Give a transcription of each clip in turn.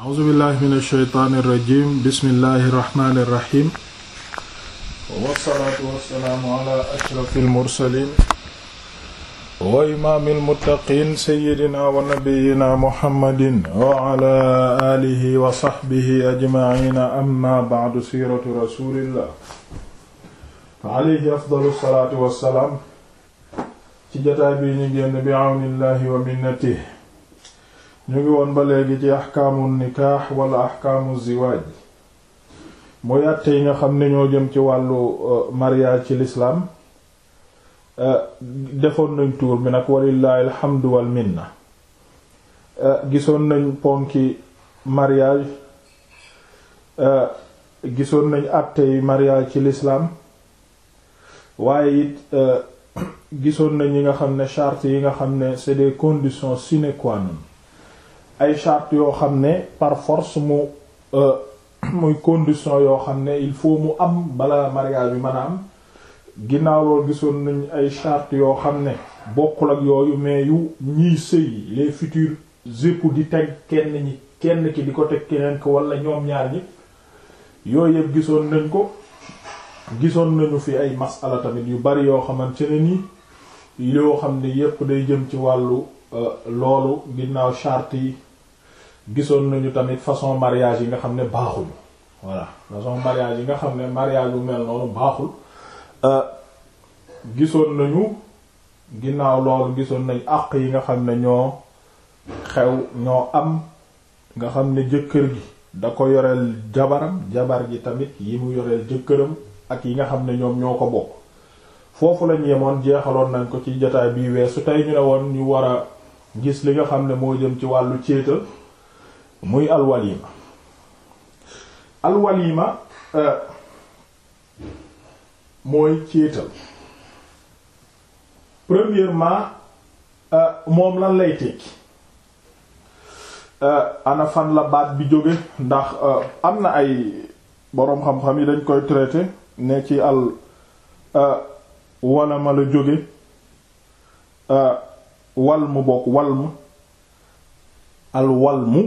a'uuzu billahi min ash-shaytaani rajim bismillahi rahmaani rahim wassalaatu wassalaamu ala ashrafil mursaliin wa imaamil muttaqiin sayyidina wa nabiyyina muhammadin wa ala aalihi wa sahbihi ajma'iina amma ba'du siiratu rasuulillah alayhi afdalu salaatu wassalaam ci jotaay bi ñu génn bi awnillahi wa minnatihi ñu ngi woon ba léegi ci axkaamu nikaax wala axkaamu ziwaaj muy àtte yi nga xam ne ñoo jëm ci wàllu euh, mariage ci lislaam euh, defoon nañ tuur bi nag walillahi alhamdu wal minna euh, gisoon nañ ponki mariage gisoon nañ àtte yi mariage ci lislaam waaye it gisoon nañ yi nga xam ne charte yi nga xam ne c'est des conditions sine qua non ay charte yoo xam ne par force mu euh, muy condition yoo xam ne il faut mu am bala mariage bi mën a am ginnaaw loolu gisoon nañ ay charte yoo xam ne bokkul ak yooyu mais yu ñiy sëy les futurs époux di teg kenn ñi kenn ki di ko teg keneen ko wala ñoom ñaar ñi yooyu yëpp gisoon nañ ko gisoon nañu fi ay masala tamit yu bari yoo xamante ne nii yoo xam ne yëpp day jëm ci wàllu euh, loolu ginnaaw charte yi gisoon nañu tamit façon mariage yi nga xam ne baaxuñu voilà façon mariage yi nga xam ne mariage bu mel noonu baaxul euh, gisoon nañu ginnaaw loolu gisoon nañ àq yi nga xam ne ñoo xew ñoo am nga xam ne jëkkër gi da ko yoreel jabaram jabar gi tamit yi mu yoreel jëkkëram ak yi nga xam ne ñoom ñoo ko bokk foofu lañ yemoon jeexaloon nañ ko ci jotaay bii weesu tey ñu ne woon ñu war a gis li nga xam ne moo jëm ci wàllu céetal muy alwalima alwalima euh, mooy céetal premièrement euh, moom lan lay tekki euh, ana la baat bi jóge ndax am na ay boroom xam-xam yi dañ koy traité ne ci al walama la jóge wal mu bokk wal mu al mu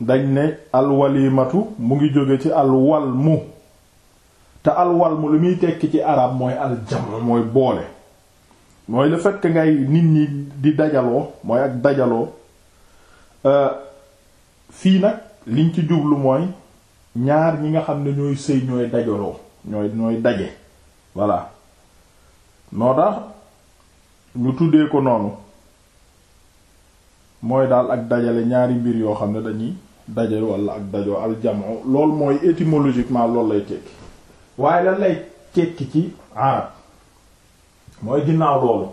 dañ ne alwalimatu mu ngi jóge ci alwalmu te alwalmu li muy tekki ci arab mooy aljam mooy boole mooy le fekk ngay nit ñi di dajaloo mooy ak dajaloo euh, fii nag liñ ci jublu mooy ñaar ñi nga xam ne ñooy sëy ñooy dajaloo ñooy ñooy daje voilà noo tax ñu tuddee ko noonu mooy daal ak dajale ñaari mbir yoo xam ne dañuy daje wala ak dajoo aljamoo loolu mooy étymologiquement loolu lay tekki waaye lan lay tekki ci arab mooy ginnaaw loolu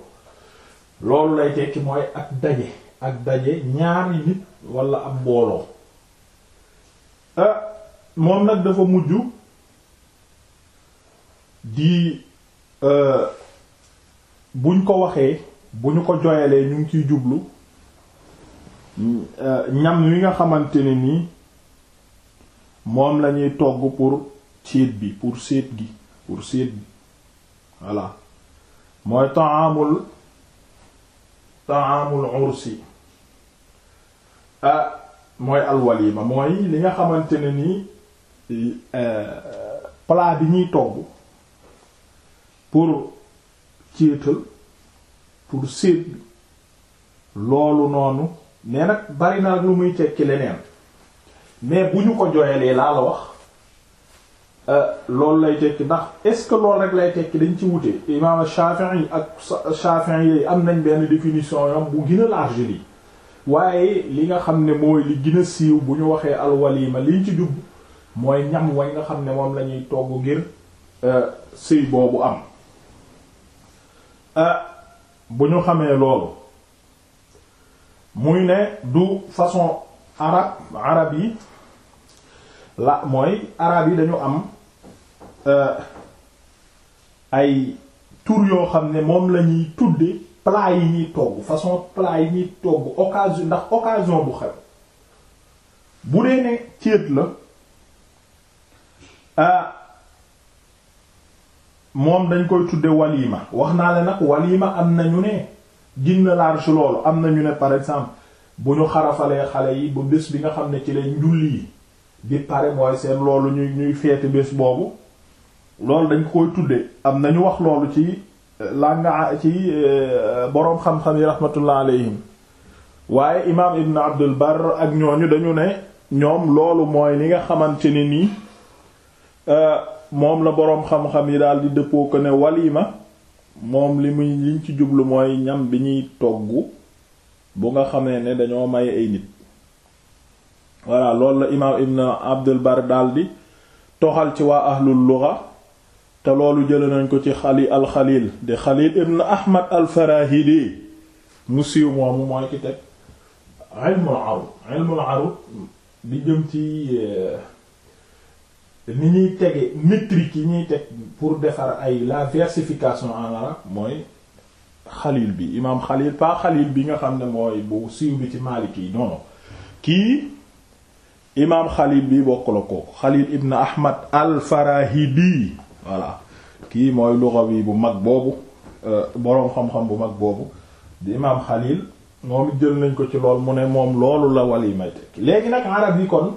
loolu lay tekki mooy ak daje ak daje ñaari nit wala ab mbooloo ah, moom nag dafa mujj di ah, buñ ko waxee bu ñu ko joyalee ñu ngi ciy jublu ñam wi nga xamante ne nii moom lañuy togg pour ciit bi pour séet gi pour séet bi voilà mooy taamul taamul ursi ah, mooy alwalima mooy li nga xamante ne nii eh, plat bi ñuy togg pour ciital pour séet bi loolu noonu mais nag bari na lu muy tekki leneen mais bu ñu ko jooyalee laa la wax euh, loolu lay tekki ndax est-ce que loolu rek lay tekki dañ ci wute imaam yi ak Shafi'i yi am nañ benn définition yom bu gën a large lii waaye li nga xam ne mooy li gën siiw bu ñu waxee alwalima liñ ci jub mooy ñam wañ nga xam ne moom lañuy togg ngir euh, sëy boobu am euh, bu ñu xamee loolu muy ne du façon arab arab yi la mooy arab yi dañu am euh, ay tur yoo xam ne moom la ñuy tudde plat yi ñuy togg façon plat yi ñuy togg occasion ndax occasion bu xew bu dee ne céet la ah moom dañ koy tudde walima wax naa la nag walima am nañu ne ginna large loolu am na ñu ne par exemple bu ñu xarafalee xale yi bu bés bi nga xam ne ci lañ njulli yi di pare mooy seen loolu ñuy ñuy feeti bés boobu loolu dañ koy tuddee am na ñu wax loolu ci euh, langa ah, ci euh, boroom xam-xam yi rahmatullah alayhim waaye imaam Ibn Abdul bar ak ñooñu dañu ne ñoom loolu mooy li nga xamante ni nii euh, moom la boroom xam-xam yi daal di dëppoo ko ne walima moom li muy liñ ci jublu mooy ñam bi ñuy togg bu nga xamee ne dañoo may ay nit voilà loolu la imaam ibn abdul bar daldi toxal ci waa ahlul lugha te loolu jële nañ ko ci xali al xalil di xalil ibn ahmad al farahidi mu siiw moomu mooy ki teg ilmul arud ilmul arud di jëm ci eh, ni ñuy tege métrique yi ñuy teg pour defar ay la versification en mooy xalil bi imaam xalil pas xalil bi nga xam ne mooy bu siiw bi ci Maalik yi non non kii imaam xalil bi bokkul la kooku xalil ibn Ahmad al-Farahidi voilà kii mooy luxa bi bu mag boobu euh, boroom xam-xam bu mag boobu di imaam xalil moom jël nañ ko ci lool mu ne moom loolu la wali may teg léegi nag arab yi kon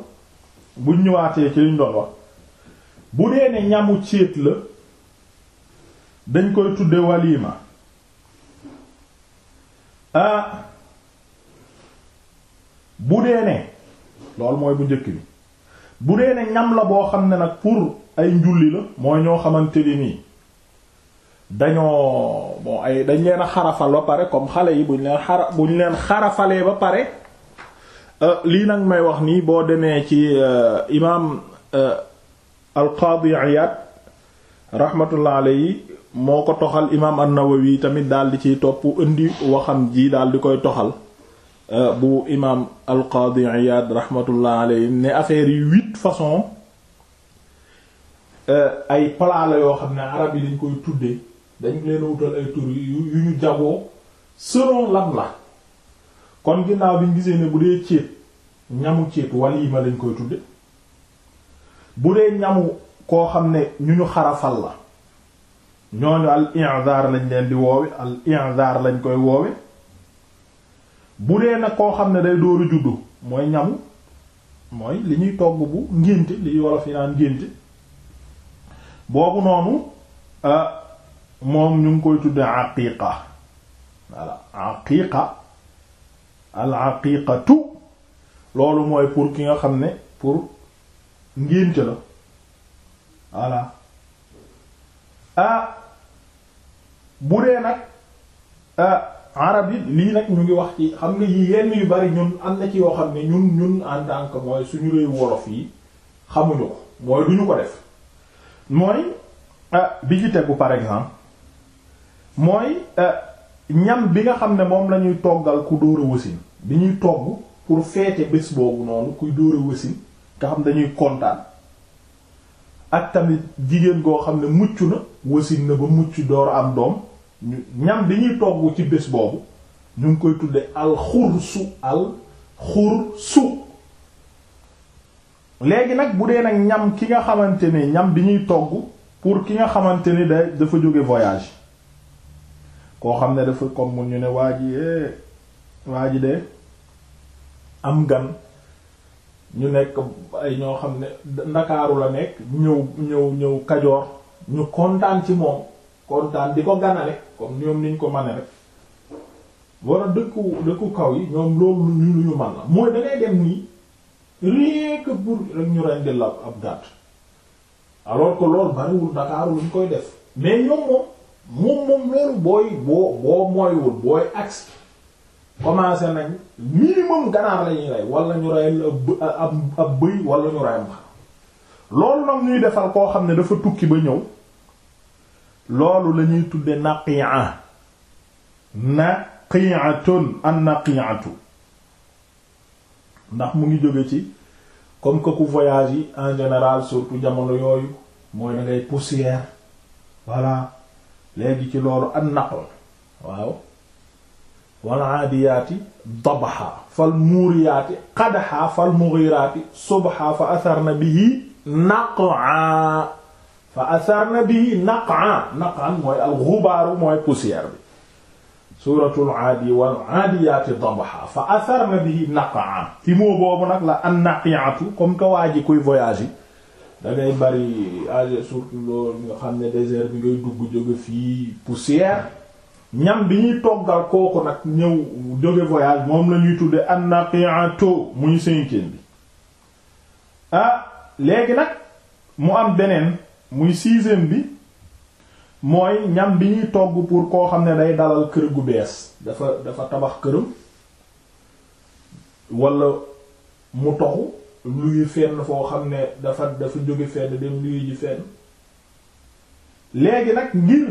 buñ ñëwaatee ci liñ doon wax. bu dee ne ñamu céet la dañ koy tudde waliima ah bu dee ne loolu mooy bu njëkk bi bu dee ne ñam la boo xam ne nag pour ay njulli la mooy ñoo xamante ni nii dañoo bon ay dañ leen xarafal ba pare comme xale yi buñ leen xarafalee ba pare ah, lii nag may wax nii boo demee ci ah, imaam ah, alqaadi Iyaad rahmatullah alayhi moo ko toxal imaam an-Nawawi tamit daal di ciy topp indi waxam ji daal di koy toxal euh, bu imaam alqaadi Iyaad rahmatullah alayhi ne affaire yi huit façons euh, ay plat la yoo xam ne arab yi dañ koy tuddee dañ leen wutal ay tur yu ñu jagoo selon lan la kon ginnaaw bi ñu gisee ne bu dee ceeb ñamu ceeb waliima lañ koy tudde bu dee ñamu koo xam ne ñu ñu xarafal la ñooñu al i'dhar lañ leen di woowe al i'dhar lañ koy woowe bu dee nag koo xam ne day dooru juddu mooy ñamu mooy li ñuy togg bu ngénte li ñuy wolof yi naan euh, moom ñu ngi koy tudde aqiqa walla aqiqa al aqiqatu loolu mooy pour ki nga xam ne pour ci la voilà ah bu dee nag ah arab yi lii nag ñu ngi wax ci xam nga yi yenn yu bari ñun am na ci yoo xam ne ñun ñun en tant que mooy suñu réew wolof yi xamuñu ko mooy duñu ko def mooy ah bi ci tegu par exemple mooy ah, ñam bi nga xam ne moom lañuy toggal ku dóor a wasin bi ñuy togg pour feete bés boobu noonu kuy dóor wasin nga xam dañuy kontaan ak tamit jigéen goo xam ne mucc na wasin na ba mucc door am doom ñam bi ñuy togg ci bés boobu ñu ngi koy tuddee tudde alxursu su léegi nag bu dee nag ñam ki nga xamante ne ñam bi ñuy togg pour ki nga xamante ni day dafa jóge voyage koo xam ne dafa comme mu ñu ne waa ji eh, waa ji de am gan ñu nekk ay ñoo xam ne ndakaaru la nekk ñëw ñëw ñëw kajoor ñu kontaan ci moom kontaan di ko ganale comme ñoom niñ ko mane rek war a dëkku dëkku kaw yi ñoom loolu ñu lu ñu man la mooy dangay dem nii rien que pour rek ñu rendil la ab gàtt alors que loolu bariwul ndakaaru luñ koy def mais ñoom moom moom moom loolu booy boo boo mooywul booy axe commencé nañ minimum ganaar la ñuy rey wala ñu reyal ab ab bëy wala ñu reyam xar loolu nag ñuy defal koo xam ne dafa tukki ba ñëw loolu la ñuy tudde naqi'a naqi'atun a naqi'atu ndax mu ngi jóge ci comme que voyage yi en général surtout jamono yooyu mooy da poussière voilà léegi ci loolu an naql waaw wal aadiyaati dabha fal muuriyaati qadha fal mughiraati subha fa atharna bihi naqa fa atharna bihi naqa naqa mooy al ghubaaru mooy poussière bi suuratul aadi wal aadiyaati dabha fa atharna bihi naqa ci moo boobu nag la an naqiatu comme que waa ji kuy voyage yi da ngay bari ah, surtout loolu nga xam ne désert bi ngay dugg jóge fii poussière ñam bi ñuy toggal kooku nag ñëw jóge voyage moom la ñuy tudde annaqi'atu muy cinquième bi ah léegi nag mu am beneen muy sixième bi mooy ñam bi ñuy togg pour koo xam ne day dalal kër gu bees dafa dafa tabax këram wala mu toxu luy fenn foo xam ne dafa dafa jóge fenn dem luy ji fenn léegi nag ngir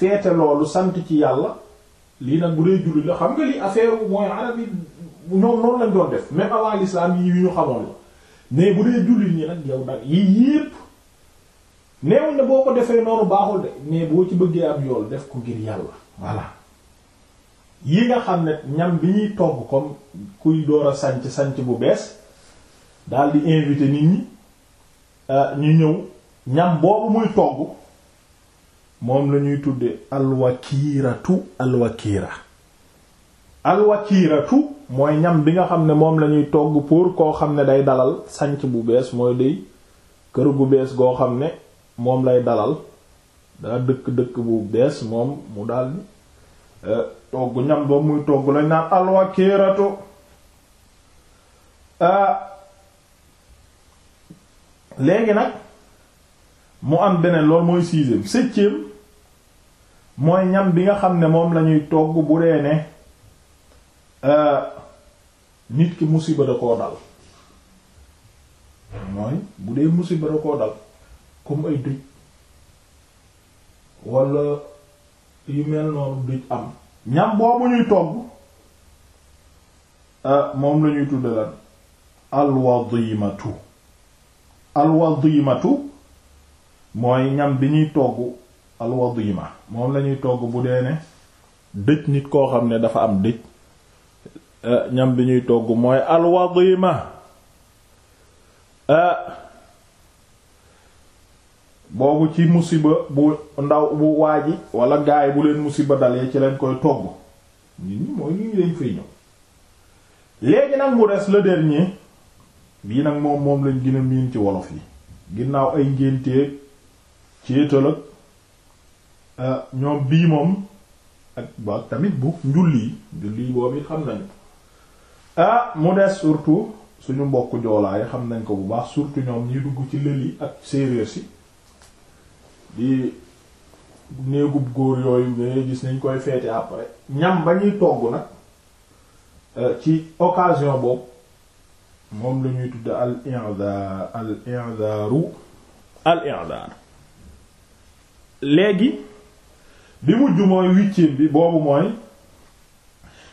feete loolu sant ci yàlla lii nag bu dee julli la xam nga li affaire mooy arab yi noonu lañ doon def même avant l'islam yi yu ñu xamoon la mais bu dee julli ñi nag yow nag yii yépp neewuñ ne boo ko defee noonu baaxul de mais boo ci bëggee ab yool def ko ngir yàlla voilà yi nga xam ne ñam bi ñuy togg comme kuy door a sanc sanc bu bees dal di invité nit ñi euh, ñu ñëw ñam boobu muy togg moom la ñuy tudde alwakiiratu alwakiira alwakiiratu mooy ñam bi nga xam ne moom lañuy ñuy togg pour koo xam ne day dalal sanc bu bees mooy day kër gu bees goo xam ne moom lay dalal daa dëkk dëkk bu bees moom mu daal euh, togg ñam ba muy togg lañ naan alwakiiratu euh, léegi nag mu am beneen loolu mooy sixième septième mooy ñam bi nga xam ne moom lañuy togg bu dee ne euh, nit ki musiba da koo dal mooy bu dee musiba da koo dal comme ay duj walla yu mel noonu duj am ñam boobu ñuy togg euh, moom lañuy tudde lan alwadimatu alwadimatu mooy ñam bi ñuy togg alwadima moom lañuy togg bu dee ne dëj nit koo xam ne dafa am dëj eh, ñam bi ñuy togg mooy alwadima eh, boobu ci musiba bu ndaw bu waaji wala gaay bu leen musiba dalee ci leen koy togg nit ñi mooy ñu dañ fay ñëw léegi nag moom moom lañ gën a miin ci wolof yi ginnaaw ay ngénteeg céetal ak Euh, ñoom bii moom ak ba tamit bu njulli njulli boobu it xam nañu ah mu des surtout suñu mbokk joolaay xam nañ ko bu baax surtout ñoom ñi dugg ci lël yi ak séeréer si di néegub góor yooyu ngay gis nañ koy feete après ñam ba ñuy togg nag euh, ci occasion boobu moom la ñuy tudd al i'dhar al i'dharu léegi bi mujj mooy huitième bi boobu mooy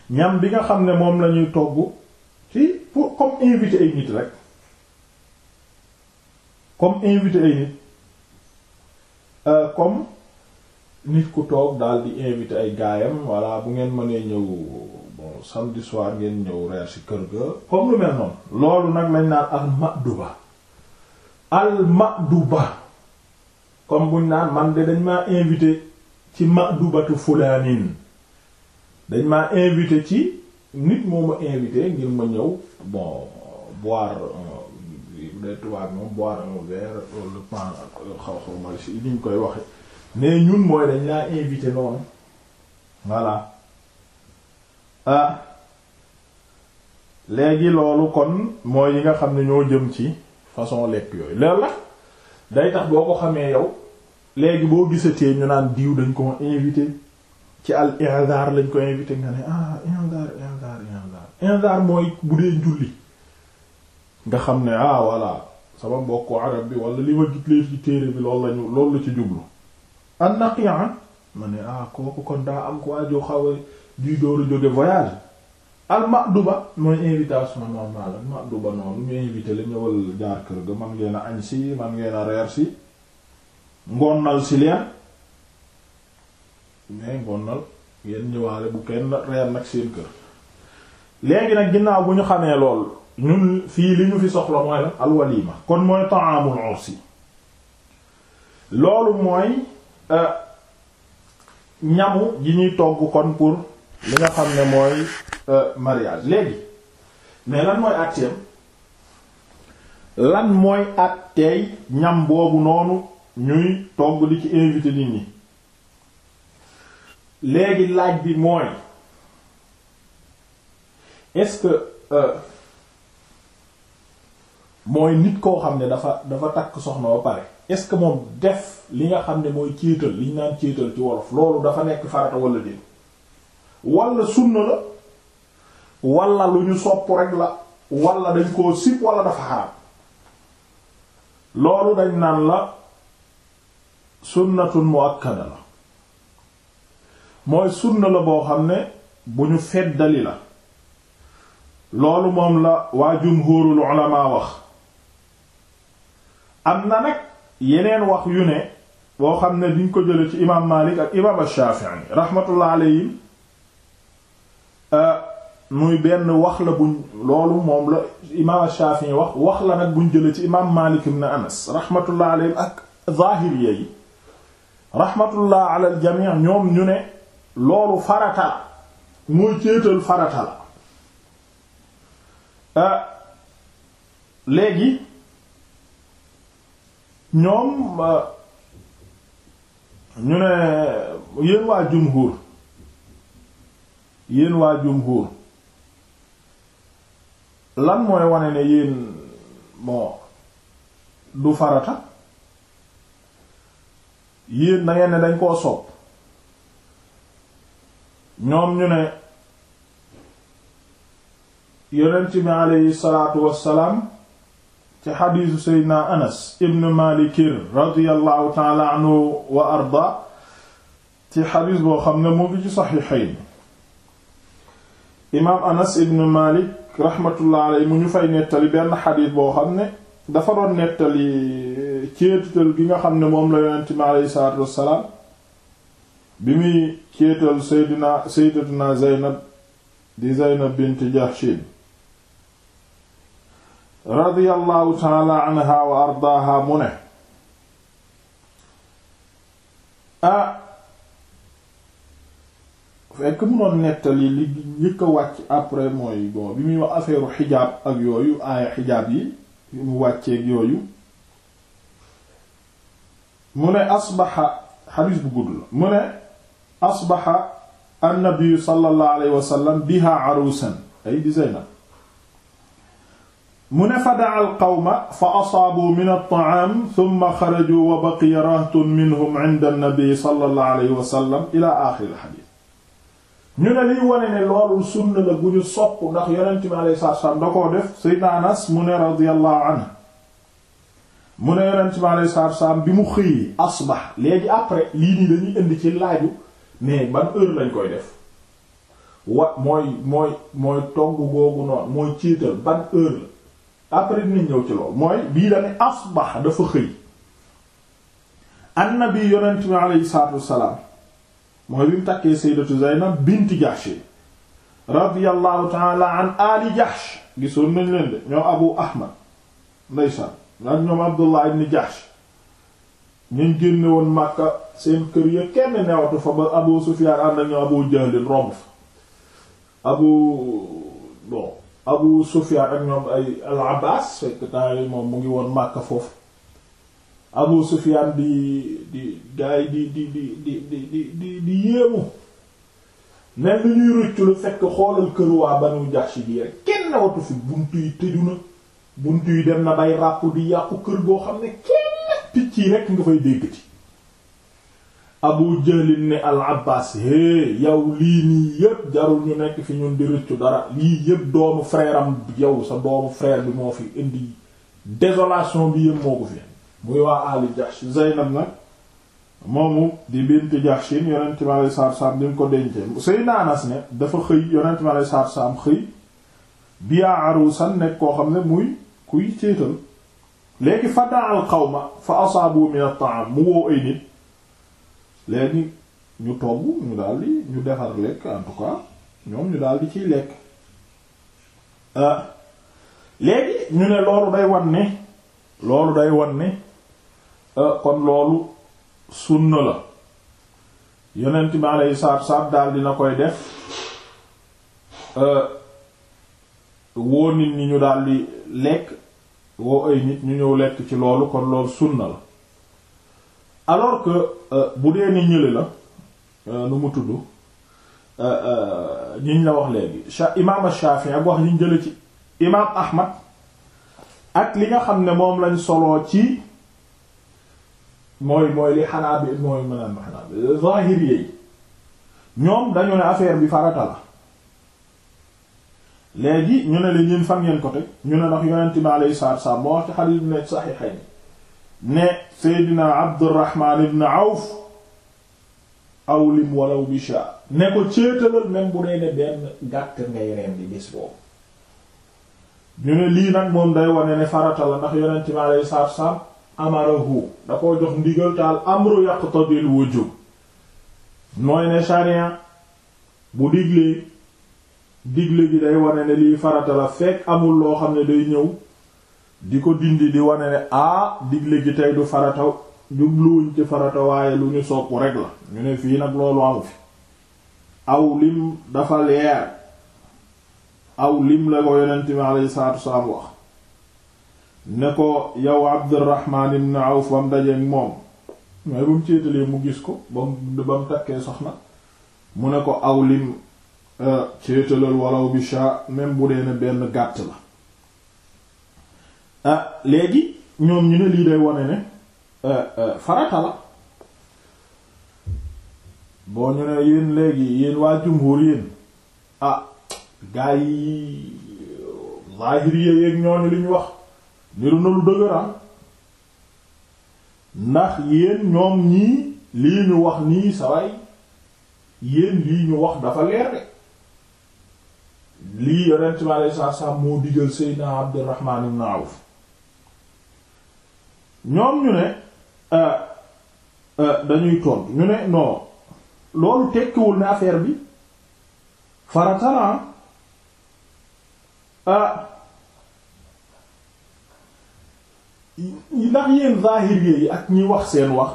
ñam bi nga xam ne moom lañuy togg ci pour comme invité ay nit rek comme invité ay nit euh, comme nit ku toog daal di invité ay gaayam voilà bu ngeen mënee ñëw bon samedi soir ngeen ñëw reer ci kër ga comme lu mel noonu loolu nag lañ naan al maduba comme buñ naan man de dañ maa invité ci madubatu fulaanin dañ ma invité ci nit moo ma invité ngir ma ñëw bon boire les euh, tubaab moom boire un verre euh, le pan euh, xaw xaw ma si ni koy waxe mais ñun mooy dañ laa invité noonu voilà ah léegi loolu kon mooy yi nga xam ne ñoo jëm ci façon lekk yooyu leer la day tax boo ko xamee yow léegi boo gisee gisatee ñu naan diw dañ ko invité ci al inzar lañ ko invité nga ne ah inzar inzar inzar nga xam ne ah voilà sama mbokk arab bi wala li ma gitleer ci téere bi loolu lañu loolu ci jublu an naqi'a ma ne ah kooku kon daa am ko waajoo xaw a juy dooru jóge voyage al maduba mooy invitation normale al maduba noonu ñu invité la ñëwal jaar kër ga man ngeen a añ si man ngeen a reer si ngonnal si leen mais ngonnal ngeen ñëwaale bu kenn reer nag seen kër léegi nag ginnaaw bu ñu xamee lool ñun fii li ñu fi soxla mooy la alwalima kon mooy ta'amul ursi loolu mooy euh, ñamu ji ñuy togg kon pour li nga xam ne mooy euh, mariage léegi mais lan mooy àtteem lan mooy àtteey ñam boobu noonu ñuy togg di ci invité nit ñi léegi laaj bi mooy est-ce euh, mooy nit koo xam ne dafa dafa takk soxna ba pare est-ce que moom def li nga xam ne mooy céetal li naan céetal ci wolof loolu dafa nekk farata wala déet wala sunna la wala lu ñu sopp rek la wala dañ koo sib wala dafa xaraam loolu dañ naan la sunnatun muakkada la mooy sunna la boo xam ne bu ñu feddali la loolu moom la waa jumhuurul ulamaa wax am na nag yeneen wax yu ne boo xam ne diñ ko jële ci imaam Maalik ak imaam Shaafi'i euh, muy benn wax la buñ wax wax la nag buñ jële ci imaam Maalik ibn Anas rahmatullah alayhim ak zaahiriyyi rahmatullah ala al ñoom ñu ne loolu farata la mooy céetal farata la euh, léegi ñoom euh, ñu ne yéen waa jumhur yéen waa jumhur lan mooy wane ne yéen bon du farata yéen na ngeen ne dañ koo sopp ñoom ñu ne yonent bi aleyhi wassalaam ci xadiisu seydna anas ibn malikir radiallahu taala ci xadiis boo xam ne mu ngi ci saxiixayn imaam anas ibn malik rahmatullah mu ñu fay nettali benn xadiis boo xam ne dafa doon nettali céetatal gi nga xam ne moom la yonent mi aleyhi salaatu wassalaam bi muy céetal seydina na Zaynab di Zaynab bint Jahshin radiyallahu taala anha wa ardaaha mu ne ah fekk mu doon nettali li njëkk wàcc après mooy bi muy wax affaire xijaab ak yooyu aaya xijaab yi mu wàcceeg yooyu mu ne asbaxa xadiis bu gudd la mu ne asbaxa annabiyu sallallahu alayhi wa sallam biha arusan ay di Zaynab mu ne fa da'a al-qawma fa asaabu min at-ta'aam thumma xaraju wa baqiya rahtun minhum 'inda an-nabi sallallahu alayhi wa sallam ila aaxiri al-hadiis ñu ne liy wone ne loolu sunna la bu ñu sopp ndax yonent mi alayhi salaatu wa salaam da koo def Seydina Anas mu ne radiyallahu anhu mu ne yonent bi alayhi salaatu salaam bi mu xëyee asbax léegi après lii nii dañuy indi ci laaju mais ban heure lañ koy def wa mooy mooy mooy togg googu noonu mooy ciital ban heure la après dinañ ñëw ci lool mooy bii dañuy asbax dafa xëy annabi yonent bi alayhi salaatu wassalaam mooy bi mu takkee sayyidatu Zaynab bint Jahsh radiyallahu ta'ala an ali Jahsh gisoon nañ leen de ñoo Abu Ahmad ndeysaan ak ñoom Abdullah ibn Jahsh ñuñ génne woon Makka seen kër ya kenn newatu fa ba Abu Sufyan ànd ak ñoom Abu Jahl romb fa Abu bon Abu Sufyan ak ñoom ay al-Abbas fekk temps yi moom mu ngi woon Makka foofu Abu Sufyan di di gaay di di di di di di di yéemu ne lu ñuy rëccu lu fekk xoolal kër waa Banu Jahsh bi rek kenn newatu fi buntu yi tëju na bunt yi dem na bay ràpp bi yàqu kër goo xam ne kenn picc yi rekk nga fay dégg ci abu jahlin ne al abbas hé yow lii nii yépp jarul ñu nekk fi ñun di rëccu dara lii yépp doomu frère yow sa doomu frère bi moo fi indi désolation bi yépp moo ko fi muy waa ali jahsh zaynab nag moomu di bint jahshin yonent mi alay saar saam di mu ko dencee sëy naanas ne dafa xëy yonent mi alay saar saam xëy biyaa arusan nekk koo xam ne muy kuy séetal léegi fa daal ma fa asaabu min at-ta'am mu woo ay nit léegi ñu togg ñu daal ñu defar lekk en tout ñoom ñu daal di ciy lekk euh, léegi ñu ne loolu day wan ne loolu day wan ni euh, kon loolu sunna la yonent bi alayhi salaatu salaam daal dina koy def euh, woo nit ñi ñu daldi lekk woo ay nit ñu ñëw lekk ci loolu kon loolu sunna la alors que bu dee ni ñële la nu mu tudd ñiñ la wax léegi imaam Shafi'i ak wax jële ci imaam Ahmad ak li nga xam ne moom lañ soloo ci mooy mooy li xanaa bi mooy mënaan xanaa bi zahiri yi ñoom dañu ne affaire bi farata la léegi ñu ne la ñun fan ngeen ko teg ñu ne ndax yonent bi alayhi salaatu salaam moo wax ci xadiis bi ne saxiixay ne Seydina Abdurrahman ibn Awf aw lim walaw bi ne ko céetalal même bu dee ne benn gàtt ngay rendi bis boobu ñu ne lii nag moom day wane ne farata la ndax yonent bi alayhi salaatu salaam amarahu da koo jox ndigal taal amru yaqtadil wujub mooy ne sharia bu diglee digle gi day wane ne liy farata la fekk amul loo xam ne day ñëw di ko dindi di wane ne ah digle gi tey du farata jubluwuñ ci farata waaye lu ñu sopp rek la ñu ne fii nag loolu amu fi aw lim dafa leer aw lim la ko yonent bi alayhi salaatu wasalaam wax ne ko yow Abdurrahman ibn Awf ba mu dajeek moom mooy ba mu céetalee mu gis ko ba mu ba mu takkee soxna mu ne ko aw lim céetalal euh, walaw bi sha même bu dee ne benn gàtt la euh, léegi ñoom ñu ne lii day wane ne euh, farata la boo ñu ne yéen léegi yéen waa jumhur yéen ah gaa yi zahiriya yeeg ñooñu li ñu wax niru na lu dëgëram ah. ndax yéen ñoom ñii lii ñu wax nii saway yéen lii ñu wax dafa leer de lii yonent bi aleyhi salaatu salaam moo digal Seydina Abdurrahman ibn Awf ñoom ñu ne euh, euh, dañuy tontu ñu ne non loolu tekkiwul ne affaire bi farata la ah. euh, ndax yéen zahir yi ak ñi wax seen wax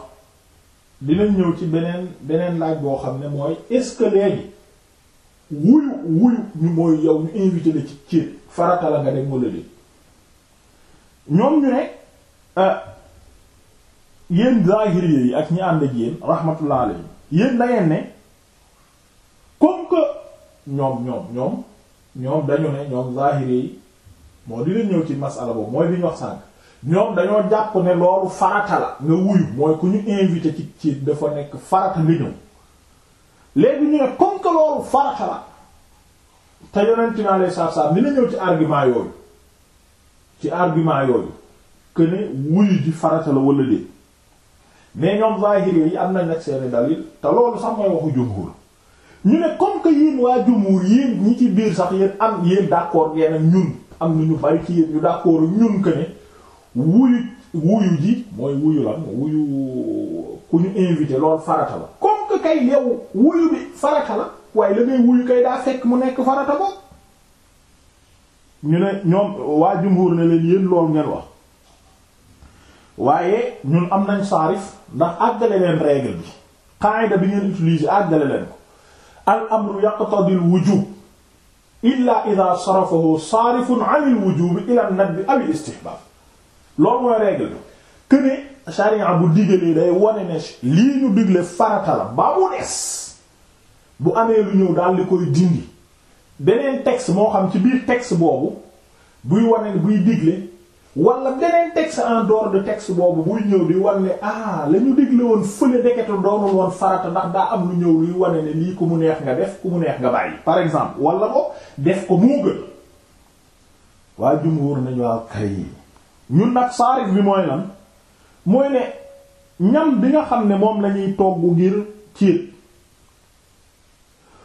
dinañ ñëw ci beneen beneen laaj boo xam ne mooy est-ce wuyu wuyu ñu mooy yow ñu invité la ci ceeb farata la nga dem wala déet ñoom ñu ne euh, yéen zahiri yi ak ñi ànd ak yéen rahmatullah alayhi yéen da ngeen ne comme ñoom ñoom ñoom dañu ne ñoom zahiri yi moo di leen ñëw ci masala boobu mooy bi ñu wax sànk ñoom dañoo jàpp ne loolu farata la nga wuyu mooy ku ñu invité ci ceeb dafa nekk farata nga ñëw. léegi ñu ne comme que loolu farata la te yonent mi alayhi salaatu salaam ñëw ci argument yooyu ci argument yooyu que ne wuyu ji farata la wala déet mais ñoom zahiri yi am nañ nag seeni dalil te loolu sax mooy waxu jumhur ñu ne comme que yéen waa jumhur yéen ñi ci biir sax yéen am yéen d'accord ngeen ak ñun am na ñu bari ci yéen ñu d'accord ñun que wuyu wuyu ji mooy wuyu lan wuyu. ku ñu invité loolu farata la comme que kay yow wuyu bi farata la waaye la ngay wuyu kay daa fekk mu nekk farata boobu ñu ne ñoom waa jumhur ne leen yéen loolu ngeen wax waaye ñun am nañ saarif ndax àggale leen règle bi qaida bi ngeen utiliser àggale leen ko al amru yaqtadi al wujub illa idha sarafahu saarifun an al wujub ila an-nadb al istihbab sharia bu digalee day wane ne lii ñu digle farata la ba mu des bu amee lu ñëw daal di koy dindi beneen texte moo xam ci biir texte boobu buy wane buy digle wala beneen texte en dehors de texte boobu buy ñëw di wane ne ah la ñu digle woon fële ndekete doonul woon farata ndax daa am lu ñëw luy wane ne lii ku mu neex nga def ku mu neex nga bàyyi par exemple walla ko def ko moo gën waa jumhur nañu waaw kay ñun nag saarif bi mooy lan mooy ne ñam bi nga xam ne moom lañuy togg ngir ciit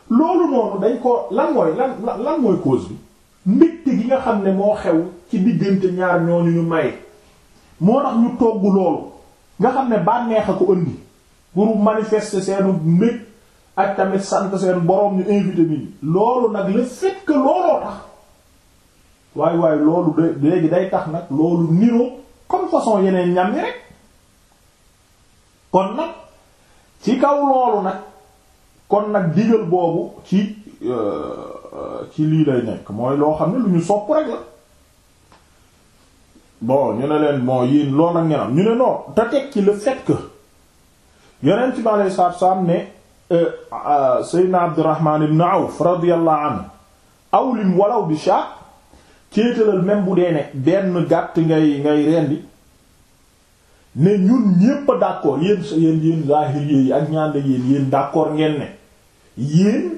loolu noonu dañ ko lan mooy lan lan mooy cause bi mbégte gi nga xam ne moo xew ci diggante ñaar ñooñu ñu may moo tax ñu togg loolu nga xam ne bànneex a ko ëndi pour manifester seenu mbég ak tamit sant seen boroom ñu invité loolu nag le fait looloo tax waaye waaye loolu de léegi day tax nag loolu niroo comme façon yeneen ñam yi rek kon nag ci kaw loolu nag kon nag digal boobu ci euh, euh, ci lii lay nekk mooy loo xam ne lu ñu sopp rek la bon ñu ne leen bon yéen loolu nag ñu ne non te teg ci le fait que yeneen ci ma lay saabsaab ne. Euh, Seydina Abdurrahman ibn Awf radiyallahu anhu awlim walaw bi sha kéetalal même bu dee ne benn gàtt ngay ngay rendi ne ñun ñépp a d'accord yéen yéen yéen zahiri ak ñaande yéen yéen d'accord ngeen ne yéen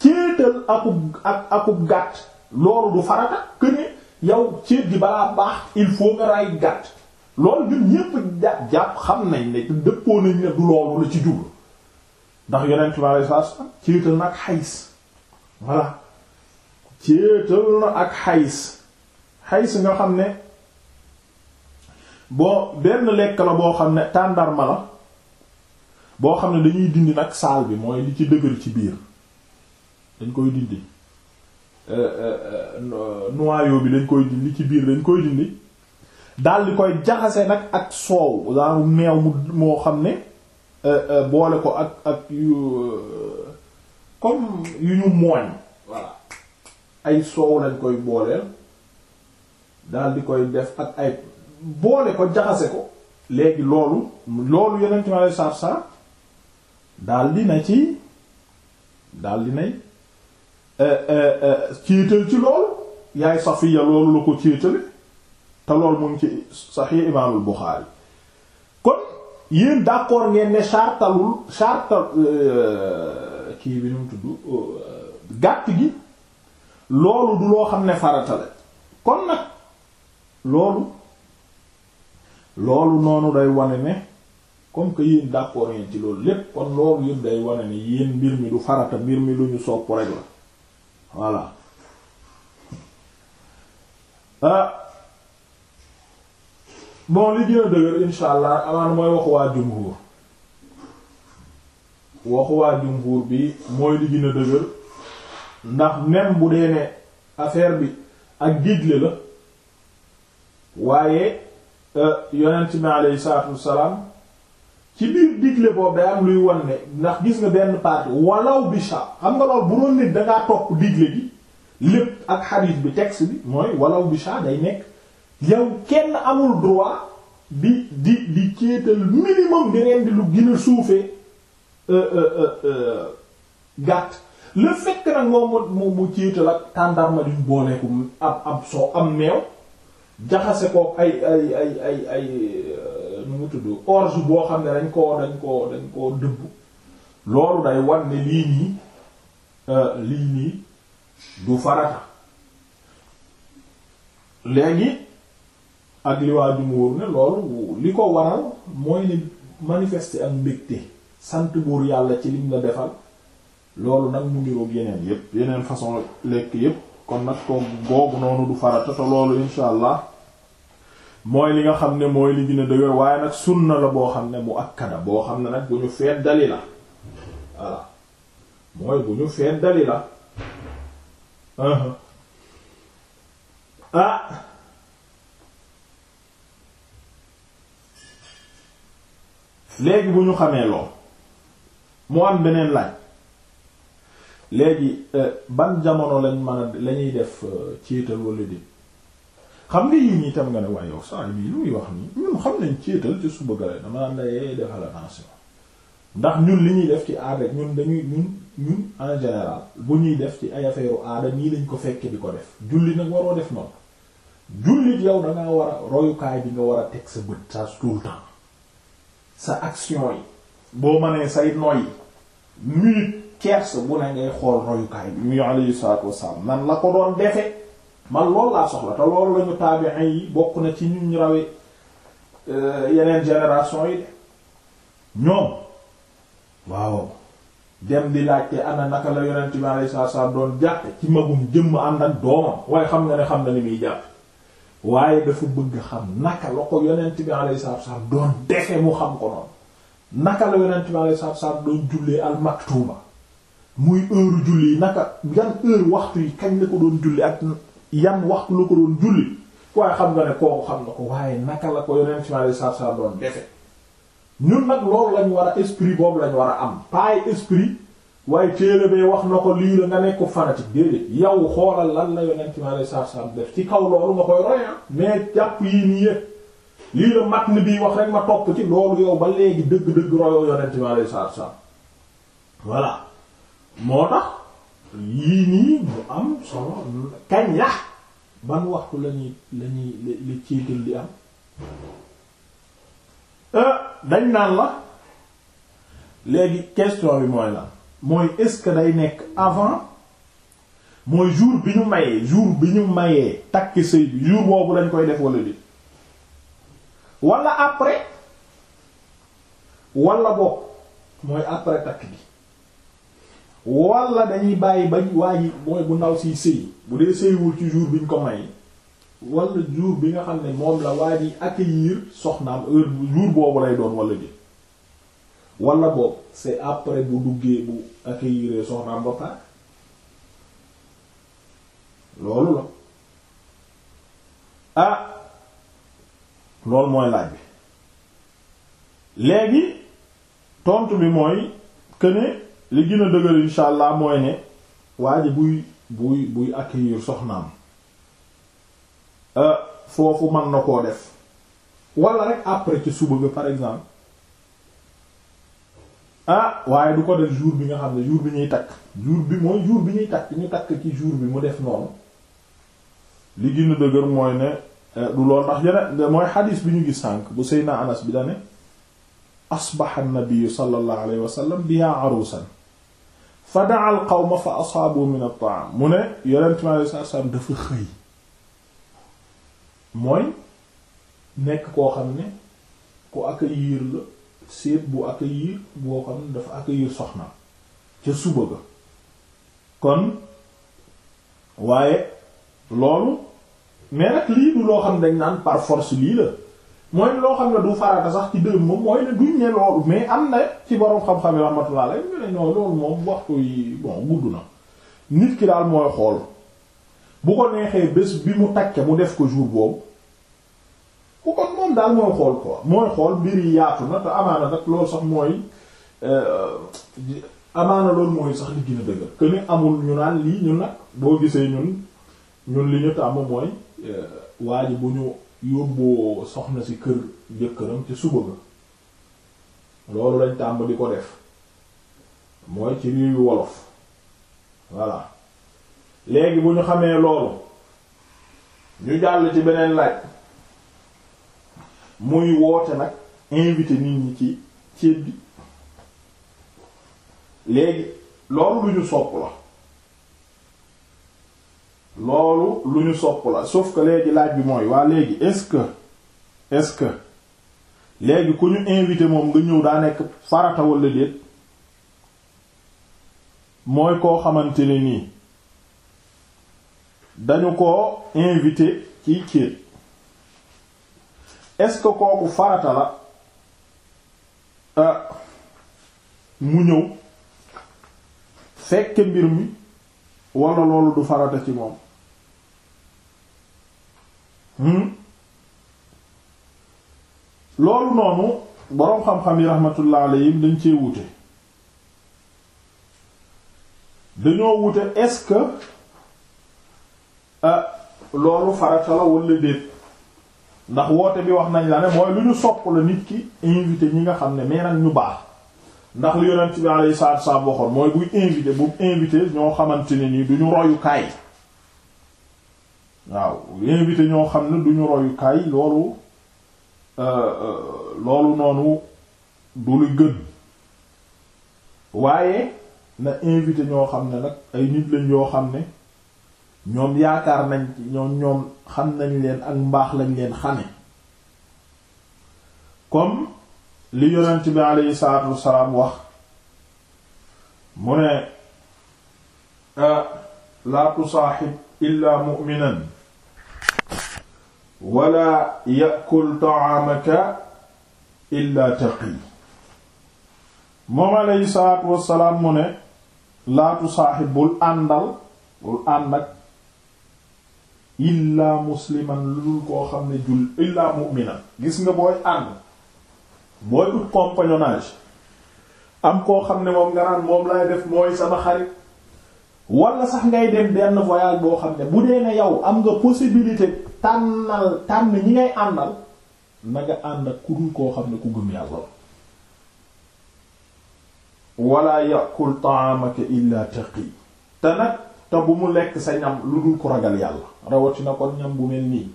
céetal akub ak akub gàtt loolu du farata que ne yow céet gi balaa baax il faut nga ray gàtt loolu ñun ñépp jàpp xam nañ ne dëppoo nañ ne du loolu la ci jublu ndax yeneen ci wàllu saa céetal na ak xayis voilà céetal na ak xayis xayis nga xam ne. boo benn lekk la boo xam ne tàndarma la boo xam ne dañuy dindi nag saal bi mooy li ci dëgër ci biir dañ koy dindi euh, euh, euh, noyau bi dañ koy dindi ci biir dañ koy dindi daal di koy jaxase nag ak soow daanu meew mu moo xam ne boole ko ak ak yu comme yu ñu mooñ voilà ay soow lañ koy booleel daal di koy def ak ay boole ko jaxase ko léegi loolu loolu yeneen ci ma lay saaf daal di na ci daal di nay eh, eh, eh, ciital ci loolu yaay Safiya loolu la ko ciitale te loolu mu ci Sahih Imaamul Buxaari kon yéen d'accord ngeen ne chartalul chartal euh, kii bi mu tudd euh, gàtt gi loolu du loo xam ne farata kon nag loolu. loolu noonu day wane ne comme que yéen d'accord yéen ci loolu lépp kon loolu yëpp day wane ne yéen mbir mi du farata mbir mi lu ñu sopp rek ah. bi ndax même bi ak digle la waaye yonent mi aleyhi salaatu wassalaam ci biir digle boobu day luy won ne ndax gis nga benn partie walaw bi sha xam nga loolu bu doon nit dangaa topp digle bi lépp ak xadiis bi texte bi mooy walaw bi day nekk yow kenn amul droit di di di kéetal minimum di ren di lu gën a suufee euh, euh, euh, gàtt le fait que nag moom mu mu ak tàndarma duñ booleeku ab ab soo am meew jaxase ko ay ay ay ay ay euh, nu mu tudd orge boo xam ne dañ koo dañ koo koo dëbb loolu day wan ne lii nii euh, lii nii du farata léegi ak li waa jumóor ne loolu li ko waral mooy ne manifester ak mbégte sant buur yàlla ci liñ la defal loolu nag mu niroog yeneen yépp yeneen façon lekk yépp kon nag ko googu noonu du farata te loolu insha allah mooy li nga xam ne mooy li gën a dëgër waaye nag sunna la boo xam ne mu akkada boo xam ne nag bu ñu feet dali la voilà mooy bu ñu feet dali la uh-huh. ah léegi bu ñu xamee lool mu am beneen laaj léegi euh, ban jamono lañ mën a lañuy def ciital euh, walla déet xam nga yii nii ne waaye yow saa yi lu muy wax nii ñun xam nañ céetal ci suba gale dama naan la yee eh, defal attention ndax ñun li ñuy def ci aada ñun dañuy en général bu ñuy def ci ay affaire aada nii lañ ko fekkee di ko def julli nag waroo def noonu jullit yow da ngaa war a royukaay bi nga war a teg sa bët sa tout le temps sa action yi boo mënee say noyyi minute kerse bu ne ngay xool royukaay bi. muy alayhi salaatu wassalaam nan la ko doon defe man loolu laa soxla te loolu lañu taabi'in yi bokk na ci ñun ñu euh, yeneen génération yi de ñoom waaw dem di laajte ana naka la yonent bi alayhi salaatu salaam doon ci magum jëmm ànd ak doomam waaye xam nga ne xam na jàpp dafa bëgg xam naka la ko yonent bi alayhi mu xam ko noonu naka la yonent bi alayhi salaatu salaam doon jullee al maktuuma muy heure julli naka yan heure waxtu yi kañ la ko doon julli ak yan waxtu la ko doon julli waaye xam nga ne kooku xam na ko waaye naka la ko yonent ci maaley saa saa doon defe ñun nag loolu lañ war a esprit boobu lañ war a am paay esprit waaye téere bee wax na ko lii la nga nekk fanatique déedéet xoolal lan la yonent ci maaley saa saa def ci kaw loolu nga koy roy ah. mais jàpp yi nii yëpp lii la mat ni bii wax rek ma topp ci loolu yow ba léegi dëgg-dëgg royoo yonent ci maaley saa saa moo tax. yii nii mu am solo kañ la ban waxtu lañuy lañuy la ciital di am euh, dañ naan la léegi question bi mooy la mooy est-ce que day nekk avant mooy jour bi ñu mayee jour bi ñu mayee takk sëy bi jour boobu dañ koy def wala di wala après wala bokk mooy après takk bi wala dañuy bàyyi bañ waa bu ndaw si sëy bu dee sëyiwul ci jour biñ ko may wala jour bi nga xam ne moom la waa ji accueillir soxnaam heure jour boobu lay doon wala ji wala boobu c'est après bu duggee bu accueillir soxnaam ba pare loolu la ah loolu mooy laaj bi léegi tontu bi mooy que li gën a dëgër insha mooy ne waa ji buy buy buy accueillir soxnaam euh, foofu man na koo def wala rek après ci suba bi par exemple ah waaye du ko def jour bi nga xam ne jour bi ñuy takk jur bi mooy jur bi ñuy takk ñu takk ci jur bi mu def noonu li gën dëgër mooy ne euh, du lool ndax yeneen mooy xadis bi ñu gis sànk bu Seyna Anas bi dane asbaha an-nabiy sallallahu alayhi wa sallam biha fa daal ma fa asaabu min at-ta'am mu ne yonent mi alei satu salaam dafa xëy mooy nekk koo xam ne ku accueillir la seet bu accueillir boo xam ne dafa accueillir soxna ca suba ga kon waaye loolu mais nag lii du loo xam ne dañ naan par force lii la mooy loo xam ne du farata sax ci dërëm moom mooy ne duñ ne mais am na ci borom xam-xam yi rahmatullah alayhi ñu ne non loolu moom waxtu yi bon gudd na nit ki daal mooy xool bu ko neexee bés bi mu takke mu def ko jour boobu ku kon moom daal mooy xool quoi mooy xool mbir yi yaatu na te amaana nag loolu sax mooy euh, amaana loolu mooy sax li gën dëgër que ni amul ñu naan lii ñun nag boo gisee ñun ñun li ñu tàmm mooy euh, waa bu ñu. yóbboo soxna si kër jëkkëram ci suba ga loolu lañ tàmm di ko def mooy ci réew yu wolof voilà léegi bu ñu xamee loolu ñu jàll ci beneen laaj muy woote nag invité nit ñi ci ceeb bi léegi loolu lu ñu sopp la loolu lu ñu sopp la sauf que léegi laaj bi mooy waa léegi est-ce que est-ce que léegi ku ñu invité moom nga ñëw daa nekk farata walla déet mooy koo xamante ne nii dañu ko invité ci céet est-ce que kooku farata la ah mu ñëw fekke mbir mi walla loolu du farata ci moom Hmm? loolu noonu boroom xam-xam yi rahmatullah alayhim dañ cee wute dañoo wute est-ce que ah loolu farata la walla ndax woote bi wax nañ la ne mooy lu ñu sopp la nit ki invité ñi nga xam ne mais nag ñu baax ndax li yonent bi alayhi salaatu wa salaam mooy buy invité bu invité ñoo xamante ne nii du ñu royukaay waaw invité ñoo xam ne duñu royukaay loolu euh, euh, loolu noonu du lu gën waaye na invité ñoo xam ne nag ay nit lañ yoo xam ne ñoom yaakaar nañ ci ñoom xam nañ leen ak mbaax lañ leen xame comme li ci bi aleyhi salaatu wassalaam wax mu ne euh, la tusaaxib illa mu'minan wala yakul ta'amaka illa taqi moom aleyhi salaatu wassalaam mu ne laatu saaxib bul àndal bul ànd ak musliman lu dul koo xam ne jul illaa mu'minan gis nga booy ànd booy ut compagnonnage am koo xam ne moom nga naan moom lay def mooy sama xarit wala sax ngay dem benn voyage boo xam ne bu dee ne yow am nga possibilité tànnal tànn ñi ngay àndal na nga ànd ak ku dul koo xam ne ku gëm yàlla la wala yàqul ta'amaka illa taqi te nag te bu mu lekk sa ñam lu dul ku ragal yàlla rawatina kon ñam bu mel nii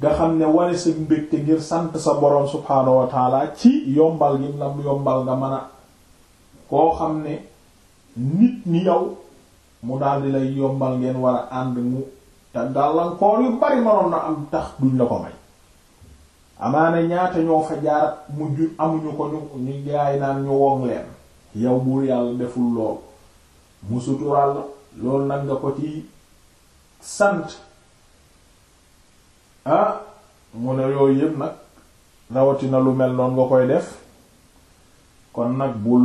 nga xam ne wane sa mbégte ngir sant sa boroom subhaanahu wa ci yombal gi la yombal nga mën a koo xam ne nit ni yow mu daldi lay yombal ngeen war ànd mu te gàllankoor yu bari manoon na am tax duñ la ko may amaana ñaata ñoo fa jaar mujj amuñu ko ñu ñu gaay naan ñu woŋ leen yow buur yàlla deful lool mu sutural loolu nag nga ko ci sant ah mu ne yooyu yëpp nag rawatina lu mel noonu nga koy def kon nag bul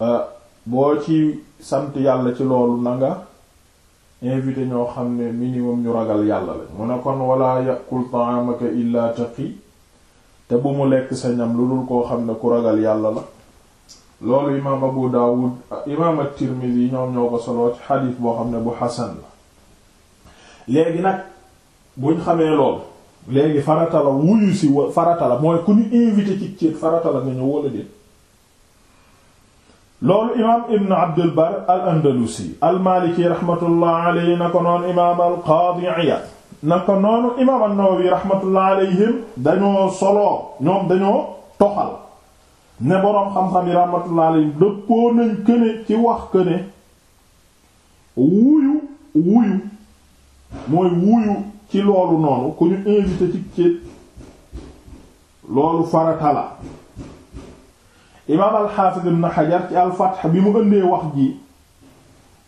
ah, boo ci sant yàlla ci loolu na nga invité ñoo xam ne minimum ñu ragal yàlla la mu ne kon wala yàqul ta'amaka illa taqi te bu mu lekk sa ñam lu dul koo xam ne ku ragal yàlla la loolu imaam abu daawud imaam at-tirmidhi ñoom ñoo ko solo ci xadiis boo xam ne bu xasan la léegi nag buñ xamee lool léegi farata la wuyu si farata la mooy ku ñu invité ci céet farata la nga ñëw wala déet loolu imaam ibn abdul bar al andalusi al maliki rahmatullah na ko noonu imaam al qaadi na ko noonu imaam an-nawawi alayhim dañoo soloo ñoom dañoo toxal ne boroom xam-xam yi rahmatullah alayhim dëppoo nañ këne ci wax këne wuyu wuyu mooy wuyu ci loolu noonu ku ñu invité ci céet loolu farata imaam alxaafid ibn xajar ci alfath bi mu ëndee wax ji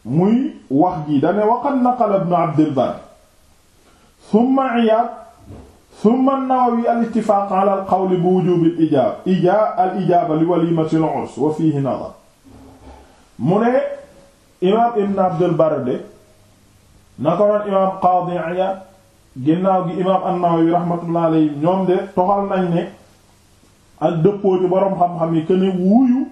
muy wax ji dane waqad naqala ibn abdilbar summa iyaad summa nawawi al-ittifaaq ala al-qawl bi wujuub al-ijaaba ijaa al-ijaaba li waliimati al-urs wa fiihi nadar mu ne imaam ibn abdilbar de na ko noon imaam qaadi iyaad ginnaaw gi imaam an-nawawi rahmatullahi alayhi ñoom de toxal nañ ne ak dëppoo ci boroom xam-xam yi que ne wuuyu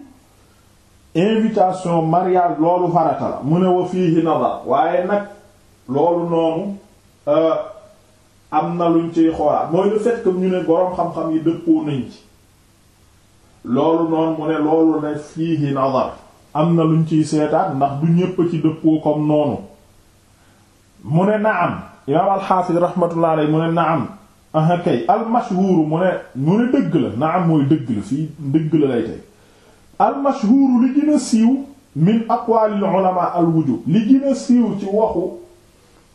invitation mariage loolu farata la mu ne wa fiihi nadar waaye nag loolu noonu euh, am na luñ ciy xoolaat mooy le fait ñu ne boroom xam-xam yi dëppoo nañ ci loolu noonu mu ne loolu ne fiihi nadar am na luñ ciy seetaat ndax du ñépp ci dëppoo comme noonu mu ne naam imaam alxaafis rahmatullah mu ne naam aha kay almashhuuru mu ne mu ne dëgg la naam mooy dëgg la fii dëgg la lay tey almashhuuru li gën a siiw min aqwalil ulama al li gën a siiw ci waxu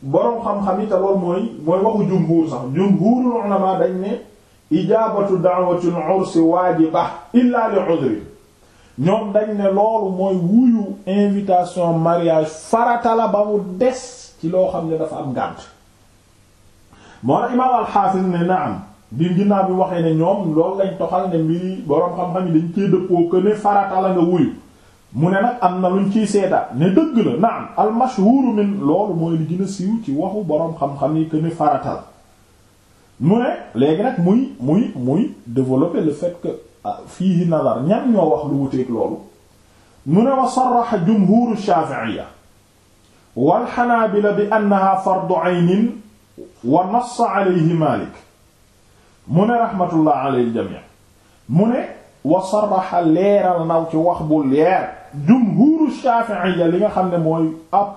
boroom xam-xam yi te loolu mooy mooy waxu jumhuur sax jumhuurul ulama dañ ne ijaabatu da'watul ursi waajiba illa li udri ñoom dañ ne loolu mooy wuyu invitation mariage farata la ba mu des ci loo xam ne dafa am ngànt moo na imaam alxaafis ne naam ngir ginnaaw bi waxee ne ñoom loolu lañ toxal ne mbiri boroom xam-xam yi dañ cee dëppoo que ne farata la nga wuyu mu ne nag am na luñ ciy seeta ne dëgg la naam almashhuru min loolu mooy li gën siiw ci waxu boroom xam-xam yi que ne farata mu ne léegi nag muy muy muy développer le fait que ah, fiihi nazar ñan ñoo wax lu wuteeg loolu mu ne wa sarraxa jumhuru shafi'iyya wal xanaabila bi annaha fardu aynin wa nassa alayhi Maalik mu ne rahmatullah alay jamii mu ne wa sarbaxa leeral naw ci wax bu leer jumhuru Shafi'iyya li nga xam ne mooy ab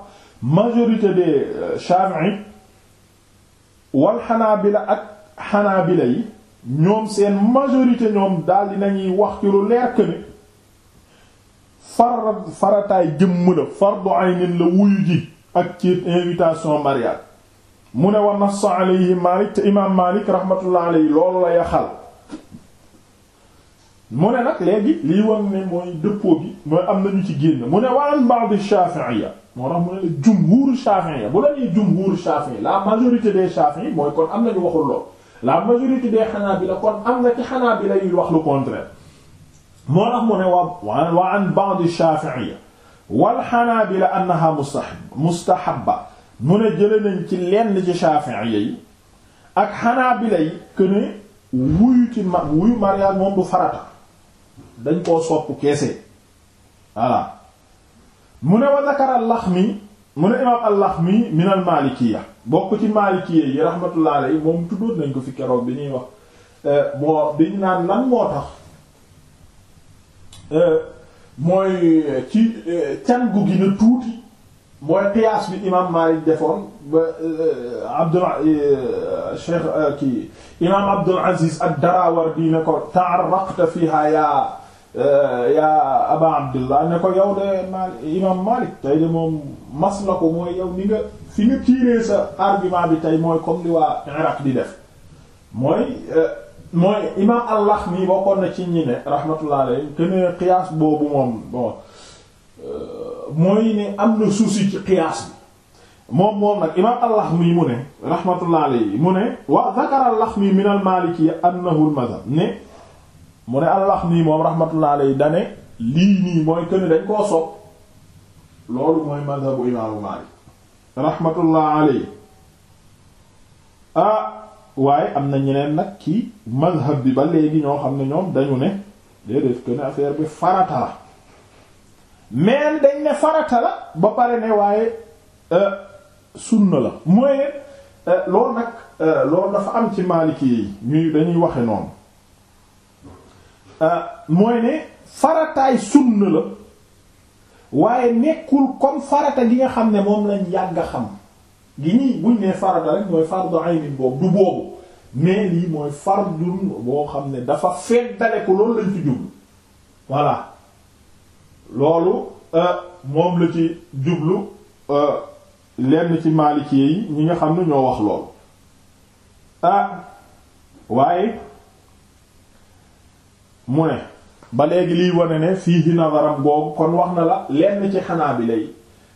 majorité des euh, Shafi'i wal Hanabila ak Hanabila yi ñoom seen majorité ñoom daal dinañuy wax ci lu leer que ni farataay jëmm la fardu aynin la wuyu ji ak ci invitation mariage mu ne wa nassa alayhi Maalik te imaam Maalik rahmatullah alayhi loolu la yaxal mu ne nag léegi liy wan ne mooy dëppoo gi mooy am nañu ci génn mu ne wa an ba'd ash-Shafi'iyya moo tax mu ne jumhuur Shafi'iyya bu la nee jumhuur Shafi'i la majorité des Shafi'i mooy kon am nañu waxul lool la majorité des Hanabila kon am na ci Hanabila yuy wax lu contraire moo tax mu ne wa wa an ba'd ash-Shafi'iyya wal Hanabila annaha mustahab mustahabba mu ne jële nañ ci lenn ci Shafi'i yi ak Hanabila bi que ne wuyu ci ma wuyu mariage moom du farata dañ koo sopp keese voilà mu ne wa zakar al-Laxmi mu ne imaam al-Laxmi min al-Maalikiyya bokk ci Maalikiyya yi rahmatullah alayhi moom tuddoon nañ ko fi keroog bi ñuy wax euh, moo biñ naan lan moo tax euh, mooy euh, ci can gu gi na tuuti mooy qiyaas bi imam Maalik defoon ba euh, Abdul euh, Cheikh euh, kii imam Abdullah ne ko imam Maalik tey moom mas mooy yow ni fi nga tiiree sa argument bi tey mooy comme li waa Iraq mi bokkoon ci ñi rahmatullah alayhi que ne qiyaas boobu moom mooy ne am na souci ci qiyaas bi moom moom nag imaam al-Laxmi mu ne rahmatullah alayhi mu ne wa zakara al-Laxmi min al-Maalikiyya annahu al ne mu ne al-Laxmi moom rahmatullah alayhi dane lii nii mooy këni dañ koo sopp loolu mooy mazhabu imaamu Maalik rahmatullah alayhi ah waaye am na ñeneen nag ki mazhab bi ba léegi ñoo xam ne ñoom dañu ne déedéet këni affaire bi farata la mais dañ ne farata la ba pare ne waaye euh, sunna la mooy euh, loolu nag euh, loolu dafa am ci maaliki yi ñuy dañuy waxe noonu mooy ne farataay sunna la waaye nekkul comme farata gi nga xam ne moom lañ yàgg a xam gi ñuy buñ nee farata rek mooy fardu ayni boobu du boobu mais lii mooy fardun boo xam ne dafa feddale ko loolu lañ ci jublu voilà loolu euh, moom la ci jublu euh, lenn ci maaliki yi ñi nga xam ne ñoo wax loolu ah, waaye mu ne ba léegi liy wane ne fiihi nadaram googu kon wax na la lenn ci xanaabila yi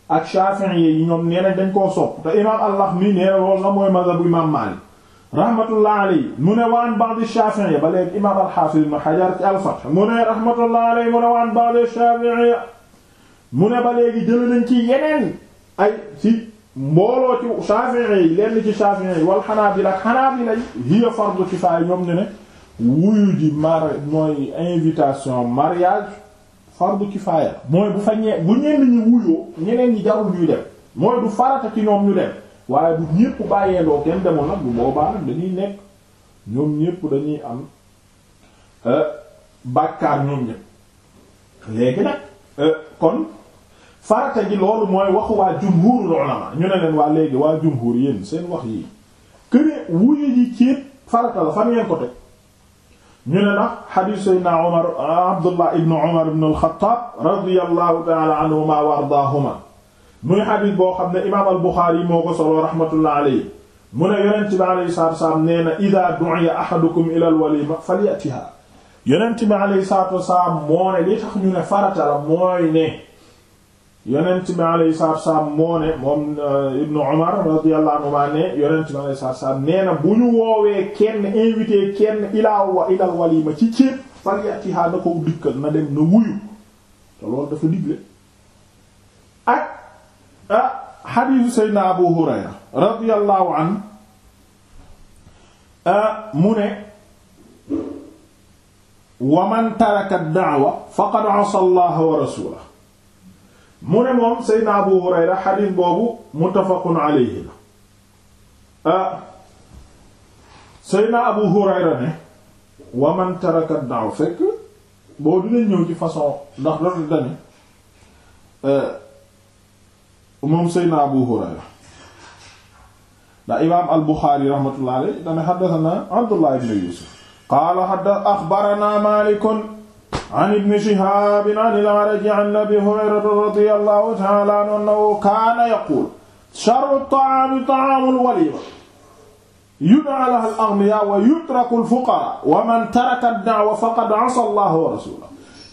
ak shafi'i yi ñoom nee nañ dañ koo sopp te imaam Allah mi nee loolu la mooy mazhabu imaam Maalik rahmatullah alayhi mu ne waan ba'd ash-shafi'iyya ba léegi imam al-hafiz ibn hajar ci al mu ne rahmatullah alayhi mu ne waan ba'd ash-shafi'iyya mu ne ba léegi jël nañ ci yeneen ay ci mbooloo ci shafi'i yi lenn ci shafi'i yi wal hanabila ak hanabila hiya fardu kifaya ñoom ñu ne wuyu ji mar mooy invitation mariage fardu kifaya mooy bu fa bu ñenn ñi wuyoo ñeneen ñi jarul ñuy dem mooy du farata ci ñoom ñu dem waaye bu ñépp bàyyeendoo kenn demoon nag bu boobaa nag dañuy nekk ñoom ñépp dañuy am euh, bàkkaar ñoom ñépp léegi nag euh, kon farata ji loolu mooy waxu waa jumhurul ulama ñu ne leen waa léegi waa jumhur seen wax yi këne wuyu ji ci farata la fan ngeen ko teg ñu ne nag xadiis sayyidina Umar Abdullah ibn Umar ibn al-Khattab radiyallahu ta'ala anhuma wa ardaahuma muy xadis boo xam ne imaam al-Buxaari yi moo ko solo rahmatullah alayhi mu ne yonent bi alayhi salaatu wasalaam nee na ida du'iya ahadukum ila al-walima falyatiha yonent li tax ñu ne bi alayhi salaatu wasalaam moo ne moom euh, bu ñu woowee kenn invité kenn ilaa wa ila al-walima ci ceeb falyatiha na ko dikkal na dem na wuyu te loolu dafa digle ah xadiisu seydna abu hurayra radiyallahu an ah eh, mu ne wa man taraka daawa faqad asa allaha wa rasulahu mu ne moom seydna abu hurayra xadiis boobu muttafaqun alayhi ah eh, seydna abu hurayra ne wa man taraka daawa fekk boo dina ñëw ci façon ndax loolu dani eh, moom Seydina Abu Hurayra ndax imaam al-Buxaari rahmatullahi alayhi dana haddathana Abdullah ibn Yusuf qaala haddath akhbarana Maalik an ibn Shihaab an al-A'raj an Abi Hurayrata radiyallahu ta'ala anhu annahu kaana yaquulu sharru at-ta'aami ta'aamu al-waliima yud'aa lahaa al-aghniyaa wa yutraku al-fuqaraa wa man taraka ad-da'wa faqad 'asaa Allaha wa rasuulahu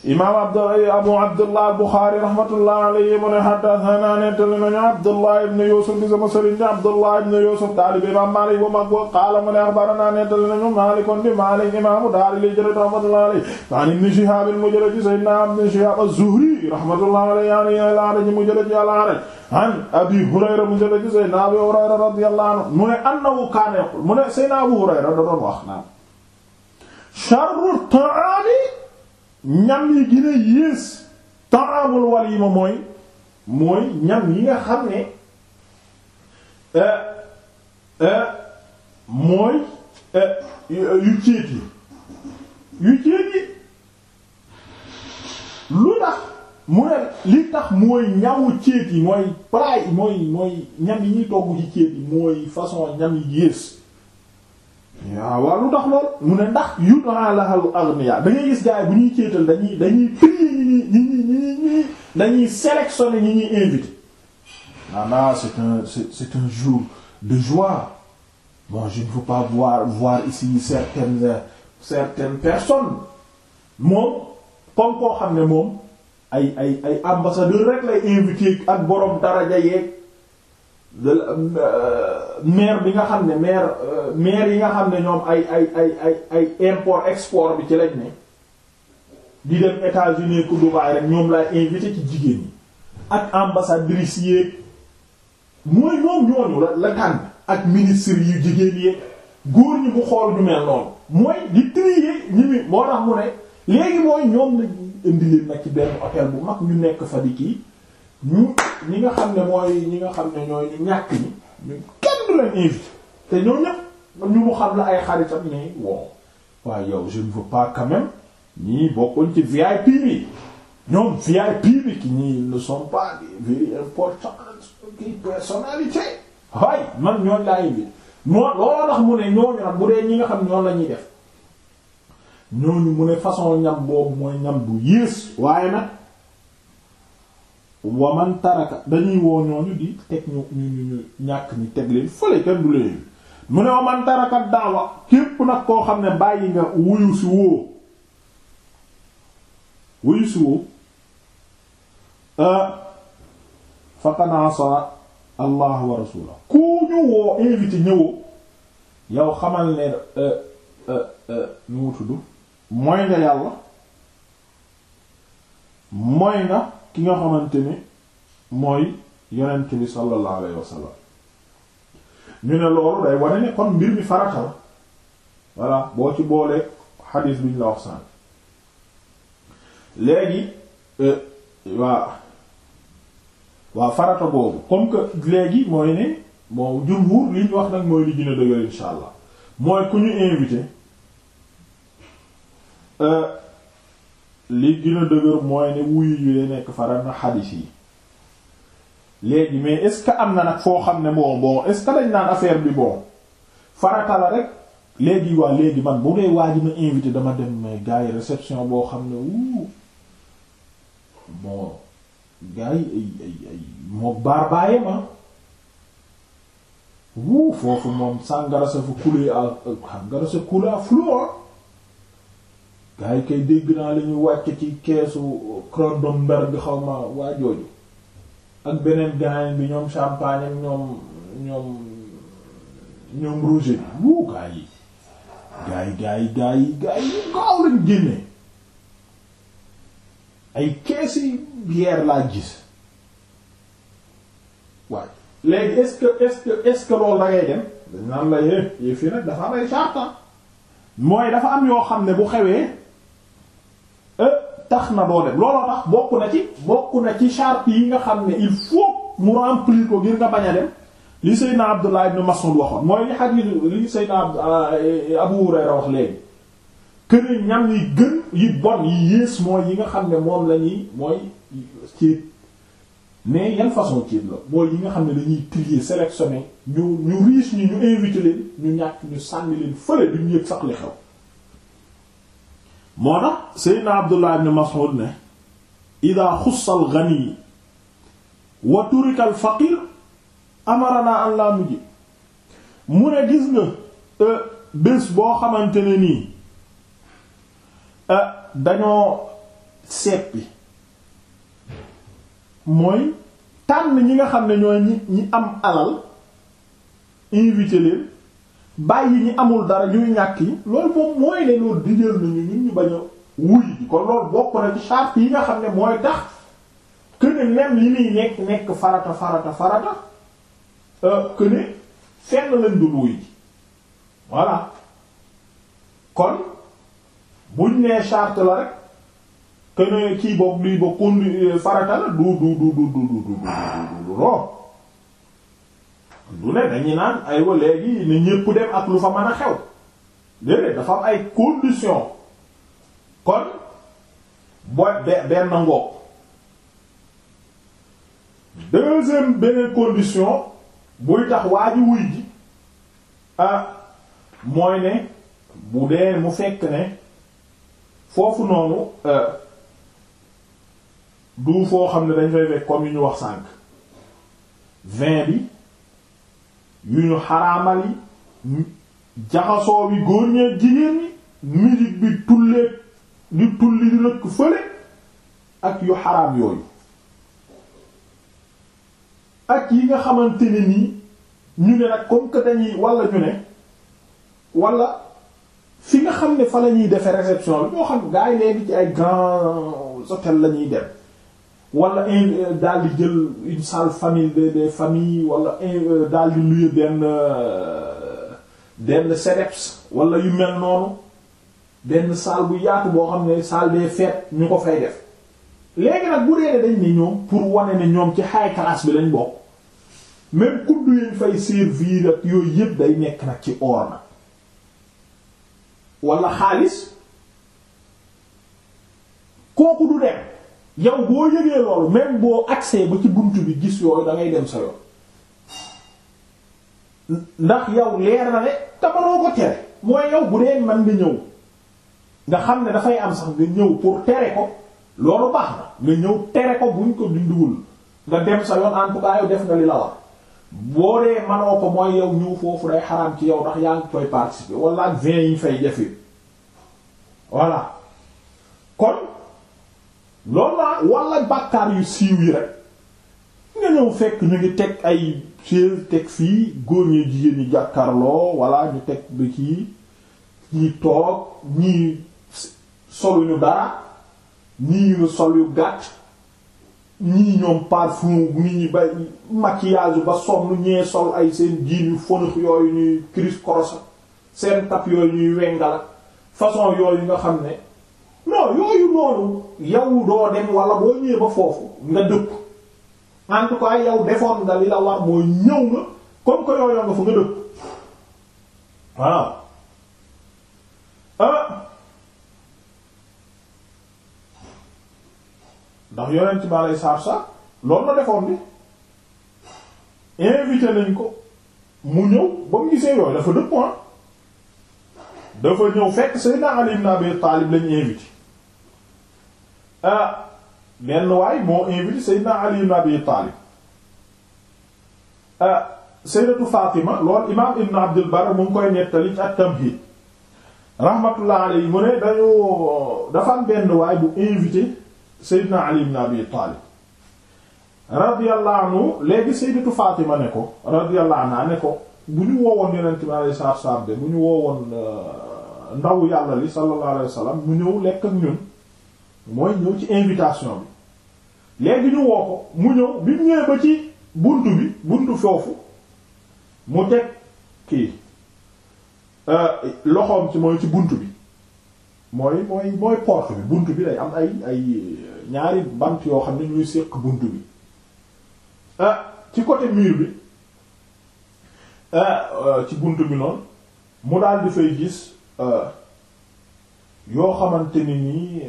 imaam abdallah abu abdallah al-Bukhari rahmatullah alayhi mu ne haddathana nettali nañu abdallah ibn Yusuf di sama sëriñ abdallah ibn Yusuf daal bi imaam Maalik bu mag boo qaala mu ne akhbarana nettali nañu Maalik kon di Maalik imaamu daal li jëlee rahmatullah alayhi an ibn Shihab mu jëlee ci sayyidina ibn Shihab az-Zuhri rahmatullah alayhi al-A'raj mu jëlee ci al-A'raj an Abi Hurayra mu jëlee ci sayyidina Abi Hurayra radiyallahu anhu mu ne annahu kaana yaqul mu ne sayyidina Abu Hurayra da doon wax naan sharru ta'aami ñam yi gën a yées ta'amul walima mooy mooy ñam yi nga xam ne euh, euh, mooy euh, yu céet yi yu céet yi lu tax mu ne li tax mooy ñamu céet yi mooy palaay mooy mooy ñam yi ñuy togg ci céet yi mooy façon ñam yi yées waaw waaw lu tax lool mu ne ndax yudaa lahal aghniya da ngay gis gaay bu ñuy céetal dañuy dañuy prier ñi ñi ñi ñi ñi dañuy sélectionner ñi ñuy invité nana ah, c'est un c'est un jour de joie bon je ne veux pas voir voir ici certaines certaines personnes moom comme koo xam ne moom ay ay ay ambassadeur rek lay invité ak borom daraja yeeg Euh, maire bi nga xam ne maire euh, maire yi nga xam ne ñoom ay ay ay ay ay import export bi ci lañ ne di dem États-Unis ku Dubaï rek ñoom laay invité ci jigéen ñi ak ambassadrice yeeg mooy ñoom ñooñu la la tànn ak ministre yu jigéen yeeg góor ñi bu xool ñu mel noonu mooy di trier ñi mi moo tax mu ne léegi mooy ñoom la indi leen nag ci benn hôtel bu mag ñu nekk fa di kii ñu ñi nga xam ne mooy ñi nga xam ne ñooy ñu ñàkk ñi ñu kenn du leen te ñoo ñëpp ñu mu xam la ay xaritam nii wow yow je ne veux pas quand ñii bokkuñ ci VIP bi ñoom VIP bi ki ñii ne sont pas very important personnalité waaye man ñooñ laa invité moo looloo tax mu ne ñooñu nag bu dee ñi nga xam ñoom lañuy ñuy def ñooñu mu ne façon ñam boobu mooy ñam bu yées waaye nag wa dañuy woo ñooñu di teg ñu ñu ñu ñàkk ñu teg leen fële kenn du leen mu ne wa daawa képp nag koo xam ne bàyyi nga wuyu si woo wuyu si woo euh, faqad asa allah wa rasula ku ñu woo invité ñëwoo yow xamal ne euh, euh, mu tudd mooy nga yàlla mooy nga ki nga xamante ni mooy yonent bi sallallahu alayhi wa ñu ne loolu day wane ne kon mbir mi farata la boo ci boolee xadiis bi ñu la wax sànq léegi euh, waa waa farata boobu comme que léegi mooy ne bon jumhur li ñu wax nag mooy li gën dëgër insha allah mooy ku ñu invité. Euh, li gën a dëgër mooy ne wuyu yu nekk faral na xadiis yi léegi mais est am na nag foo xam ne moom bon est-ce naan affaire bi bon farata rek léegi waa léegi man bu dee waa ma invité dama dem mais gars yi réception boo xam ne wuu bon gars yi ay ay moo baar bàyyi ma wuu foofu moom sàngara sa fa coulé à euh, sàngara sa coulé à flot ah. gaa yi kay dégg naa la ñu wàcc ci keesu Kronenberg xaw ma waa jooju ak beneen gaañ bi ñoom champagne ak ñoom ñoom ñoom rouge bi wuu gaa yi gaa yi gaa yi gaa yi gaa yi gaaw lañ génne ay keesi bière laa gis waaye léegi est-ce que est-ce que est la yee yee fii nag dafa am ay ah. mooy dafa am yoo xam ne bu xewee tax na doo dem looloo tax bokk na ci bokk na ci charte yi nga xam ne il faut mu remplir ko ngir nga bañ dem li Seydina Abdullah ibn Mas'ud waxoon mooy li xadiis li Seydina ah, eh, Abu Hurayra wax léegi këne ñam yi gën yi bon yi yées mooy yi nga xam ne moom la ñuy mooy ceeb mais yan façon ceeb la mooy yi nga xam ne dañuy trier sélectionner ñu ñu riche ñi ñu invité leen ñu ñàkk ñu sànni leen fële duñ yëg sax li xew moo tax seydna abdullah ibn mas'ud ne ida xussa ghani wa turika al amarana an la mu ne gis nga euh, bés boo xamante ne nii euh, dañoo seppi mooy tànn ñi nga xam ne ñooy ñi ñi am alal invité leen bàyyi ñi amul dara ñuy ñàkk yi loolu moom mooy ne loolu digeel nañu ñun ñu bañ wuy kon loolu bokk na ci yi nga xam ne mooy tax que ne même li nekk nekk farata farata farata que ne fenn lañ dul wuy ji kon buñ nee charte la rek que ne kii boog lii ba kon farata la du du du du du du du du lool. du ne dañu naan ay aywa léegi ne ñépp dem ak lu fa mën a xew déedéet dafa am ay conditions kon booy benn ngoog deuxième beneen condition buy tax waa ji wuy ji ah mooy ne bu dee mu fekk ne foofu noonu euh, du foo xam ne dañ fay fekk comme yu ñu wax sànq vin bi. yu ñu xaraamal yi jaxasoo bi góor ñee jigéen ñi musique bi tulleeg di tulli di nëkk fële ak yu xaraam yooyu ak yi nga xamante ne nii ñu ne nag comme que dañuy wala ñu ne wala fi nga xam ne fa la ñuy defee réception bi moo xam gaa yi léegi ci ay grands hôtels la ñuy dem wala in euh, daal di jël une famille des des familles wala in euh, daal di luye benn euh, benn sedeps wala yu mel noonu benn salle bu yaatu boo xam ne salle des fêtes ñu ko fay def léegi nag bu dee dañ ne ñoom pour wane ne ñoom ci high class bi lañ bokk même kudd yañ fay servir ak yooyu yëpp day nekk nag ci or na wala xaalis kooku du dem. yow boo yëgee loolu même boo accès ba ci buntu bi gis yooyu da ngay dem sa yoon ndax yow leer na ne tamanoo ko tere mooy yow bu dee man nga ñëw nga xam ne dafay am sax nga ñëw pour tere ko loolu baax na nga ñëw tere ko buñ ko dindiwul nga dem sa yoon en tout cas def nga li la war boo dee manoo ko mooy yow ñëw foofu day xaraam ci yow ndax yaa ngi koy participer wala ak vingt yi ñu fay jafe voilà kon loolu naa wala bàkkaar yu siiw yi rek nga ñëw fekk ñu ngi teg ay chaise teg fii góor ñi jigéen yu jàkkarloo wala ñu teg bi kii ñii toog ñii soluñu dara ñii ñu sol yu gàtt ñii ñoom parfum ñii ba maquillage ba sonn ñee sol ay seen jiin yu fonux yooyu ñuy criss cross seen tap yooyu ñuy wengala façon yooyu nga xam ne non yooyu noonu yaw doo dem wala boo ñëwee ba foofu nga dëpp en tout cas yow defoon nga li la war ñëw nga comme que yooyu nga fa nga dëpp waaw euh. ndax yonent bi aleyhi salaatu salaam loolu la defoon bi invité nañ ko mu ñëw ba mu gisee yooyu dafa dëpp ah. dafa ñëw fekk Seydina Ali ibn Abi Talib lañ invité ah benn waay moo invité Seydina Ali ibn Abi Talib ah Fatima loolu imaam Ibn Abdul Barr mu koy nettali ci at-Tamhid rahmatullah alayhi mu ne dañoo dafa benn waay bu invité Seydina Ali ibn Abi Talib radiyallahu anhu léegi Sayyidatu Fatima ne ko radiyallahu anha ne ko bu ñu woowoon Yonent bi alayhi salaatu wa de bu ñu woowoon euh, ndaw yàlla li sallallahu alayhi wa sallam mu ñëw lekk ak ñun. mooy ñëw ci invitation bi léegi ñu woo ko mu ñëw bi mu ñëwee ba ci buntu bi buntu foofu mu teg kii euh, loxoom ci mooy ci bunt bi mooy mooy mooy porte bi buntu bi day am ay ay euh, ñaari bant yoo xam ne ñuy séq bunt bi ah ci côté mur bi ci bunt bi noonu mu daal di fay gis yoo xamante ni nii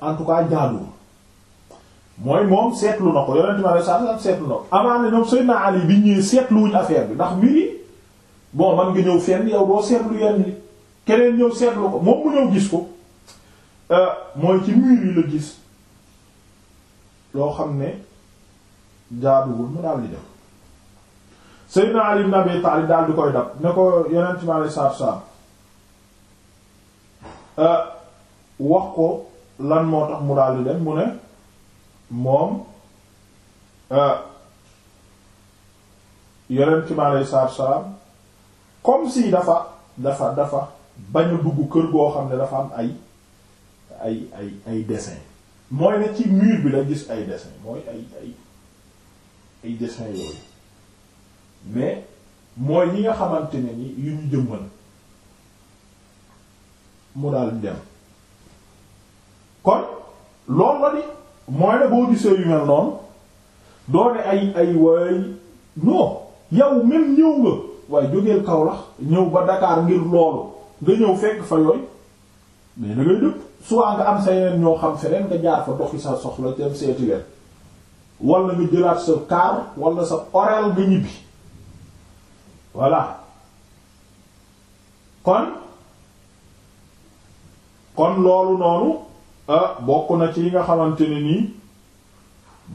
en tout cas jaaduwul mooy moom seetlu na ko yonent mi Ali bi ñëwee seetluwuñ affaire bi ndax mbiri bon man nga ñëw fenn yow doo seetlu yenn ni keneen ñëw euh, xam ne jaaduwul mu daal koy dab ne ko yonent mi euh, wax ko lan moo tax mu daal dem mu ne moom euh, yonent mi aleyhi salaatu salaam comme si dafa dafa dafa bañ a dugg kër goo xam ne dafa am ay ay ay ay dessin mooy ne ci mur bi la gis ay dessin mooy ay ay dessin yooyu mais mooy yi nga xamante ne ni yu ñu jëmmal mu daal dem kon loolu la di mooy ne boo gisee yu mel noonu doo ne ay ay waay non yow même ñëw nga waaye jógeel Kaolack ñëw ba Dakar ngir loolu nga ñëw fekk fa yooyu mais da ngay dëpp soit nga am sa yeneen ñoo xam feneen nga jaar fa doxi sa soxla te seeti leen wala nga jëlaat sa kaar walla sa orel nga ñibbi voilà kon kon loolu noonu ah bokk na ci yi nga xamante ni nii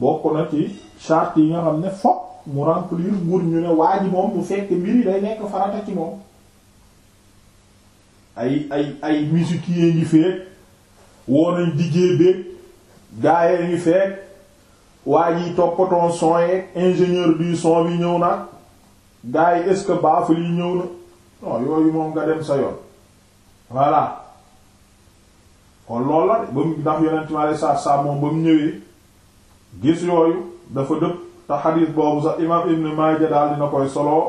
bokk na ci charte yi nga xam ne fokk mu remplir wur ñu ne waa ji moom bu fekk mbir yi day nekk farata ci moom ay ay ay musique ngi feek woo nañ dijee beeg gaayee ngi feek waa yi toppatoon son yeeg ingénieur bi son bi ñëw na gaay est-ce que baaful yi ñëw na yooyu moom nga dem sa yoon voilà kon lool la ba mu ndax yonent mi alei satu salaam moom ba mu ñëwee gis yooyu dafa dëpp te xadis boobu sax imaam Ibn Maaja daal dina koy soloo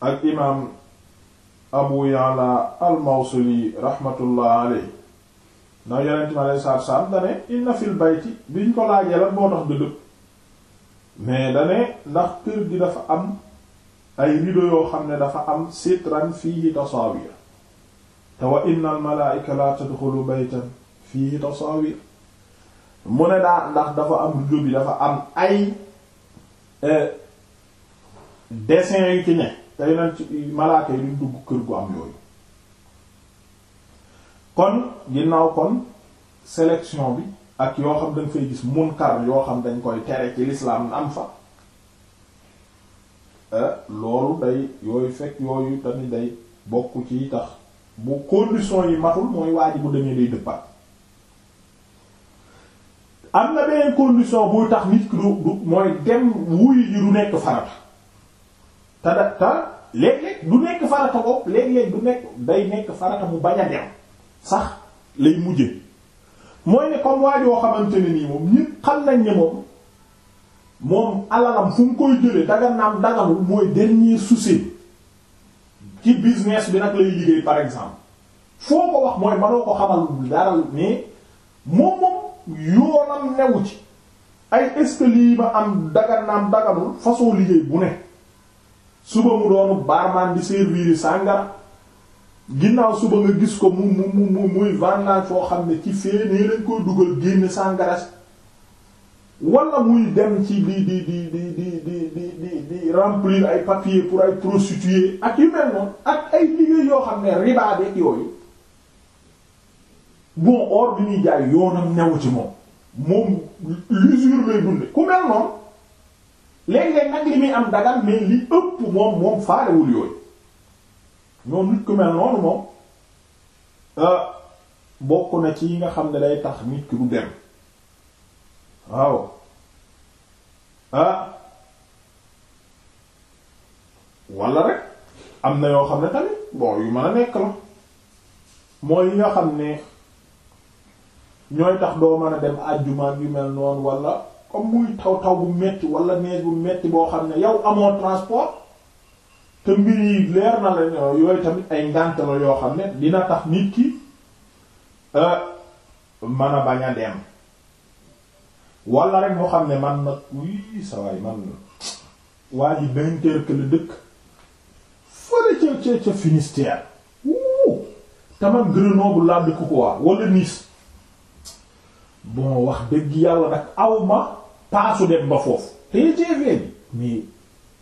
ak imaam Abu Ya'la al-Mawsili rahmatullah alayhi ndax yonent mi alei satu salaam dane inna fil bayti biñ ko laajee la moo tax da mais dane ndax kër gi dafa am ay rideau yoo xam ne dafa am sitran fihi tasawir te wa inna al malaa'ika la tadxulu baytan fiihi tasawir mu ne daa ndax dafa am lubi dafa am ay eh, dessin yu ci ne te yeneen ci malaaka yi duñ dugg kër gu am yooyu kon ginnaaw kon sélection bi ak yoo xam dañ fay gis munkar yoo xam dañ koy tere ci lislaam am fa eh, loolu day yooyu fekk yooyu tamit day bokk ci tax bu condition yi matul mooy waa ji bu demee day dëppaat am na beneen condition buy tax nit ki du du mooy dem wuyu ji du nekk farata te da te léeg du nekk farata bopp léeg du nekk day nekk farata mu bañ a dem sax lay mujje mooy ne comme waa joo xamante ne nii moom ñépp xam nañ ne moom moom alalam fu mu koy jëlee daga naam dagamul mooy dernier souci ci business bi nag lay liggéey par exemple foo ko wax mooy manoo ko xamal dara mais moom moom yoonam newu ci ay est-ce que am daga naam façon liggéey bu ne suba mu doonu barman di servir sàngara ginnaaw suba nga gis ko mu mu mu muy vannaan foo xam ne ci fee nee lañ koy dugal génn sàngara wala muy dem ci di di di di di di di di di ay papier pour ay prostituée ak yu mel noonu ak ay liggéey yoo xam ne riba beeg yooyu bon or bi ñuy newu ci moom moom l'usure lay dunde ku mel noonu léeg-léeg nag li muy am dagal mais li ëpp moom moom faalewul yooyu ñoom nit ku mel noonu moom euh, bokk na ci yi nga xam ne day tax nit ki du dem waaw ah rek am na yoo xam ne tamit bon yu mën a nekk la mooy yi nga xam ne ñooy tax doo mën a dem àjjumaan yu mel noonu wala comme muy taw taw bu metti wala neeg bu metti boo xam ne yow amoon transport te mbir leer na la yooyu tamit ay ngànt la yoo xam ne dina tax nit ki ah, mën a bañ a dem wala rek moo xam ne man nag wii sa waay man waa ji Dunkerque la dëkk fële ca ca ca Finistère wuu te man laa dëkk ko waa wala Nice bon wax dëgg yàlla nag aw ma paasu dem ba foofu TGV bi mais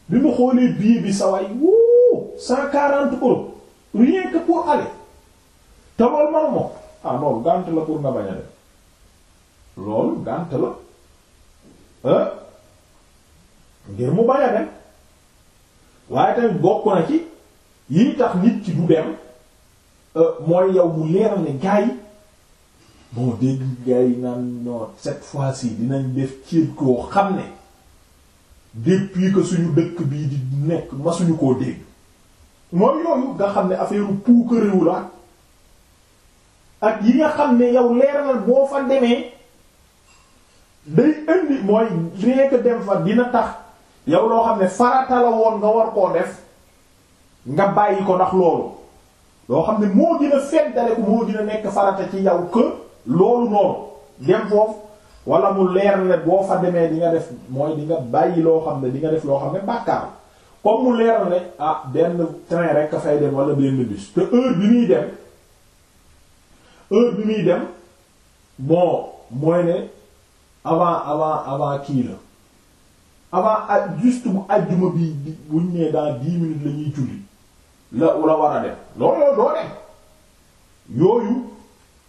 bi ma xoolee billet bi sa wuu cent quarante euros rien que pour te loolu man moom ah loolu gànt la pour nga bañ loolu gànt la ngir mu bañ a dem waaye tamit bokk na ci yi tax nit ci du dem euh, mooy yow mu leeral ne gaa yi moo dégg gaa yi naan non cette fois-ci dinañ def ceeb koo xam ne depuis que suñu dëkk bii di nekk ma suñu koo dégg mooy yooyu nga xam ne affaire puukarewu la ak yi nga xam ne yow leeralal boo fa demee day indi mooy rien que dem fa dina tax yow loo xam ne farata la woon nga war koo def nga bàyyi ko ndax loolu loo xam ne moo dina feddale ko moo dina nekk farata ci yow que loolu noonu dem foofu wala mu leer ne boo fa demee di nga def mooy di bàyyi loo xam ne di nga def loo xam ne bàkkaar comme mu leer ne ah benn train rek a fay dem wala benn bus te heure bi muy dem heure bi muy dem bon mooy ne avant avant avant kii la avant juste bu ajjuma bi buñ nee dans dix minutes la ñuy la la war a dem loolu yow doo dem yooyu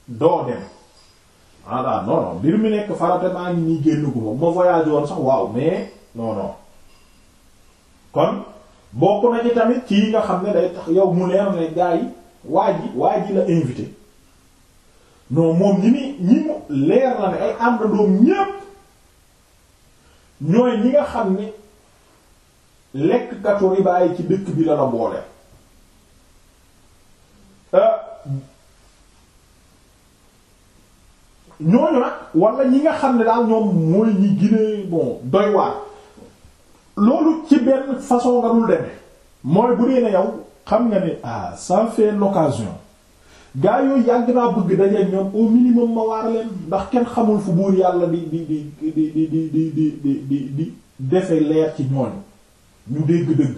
doo dem ah, ah non non mbir mi nekk farata maa ngi nii génn gu ma ma voyage woon sax waaw mais non kon bokk na ci tamit kii nga xam ne day tax yow mu leer ne gaa yi waa ji waa la invité. non moom ñi ni ñi mu leer na ne ay àndandoom ñépp ñooy ñi nga xam ne lekk katu riba yi ci dëkk bi la la boole euh, ñooñu nag wala ñi nga xam ne daal ñoom mooy ñi ginee bon doy waar loolu ci benn façon nga dul demee mooy bu dee ne yow xam nga ni ah ça fait l'occasion gaa yooyu yàgg naa bëgg dajeeg ñoom au minimum ma waar leen ndax kenn xamul fu buur yàlla di di di di di di di di di di defe leer ci ñooñu ñu dégg dëgg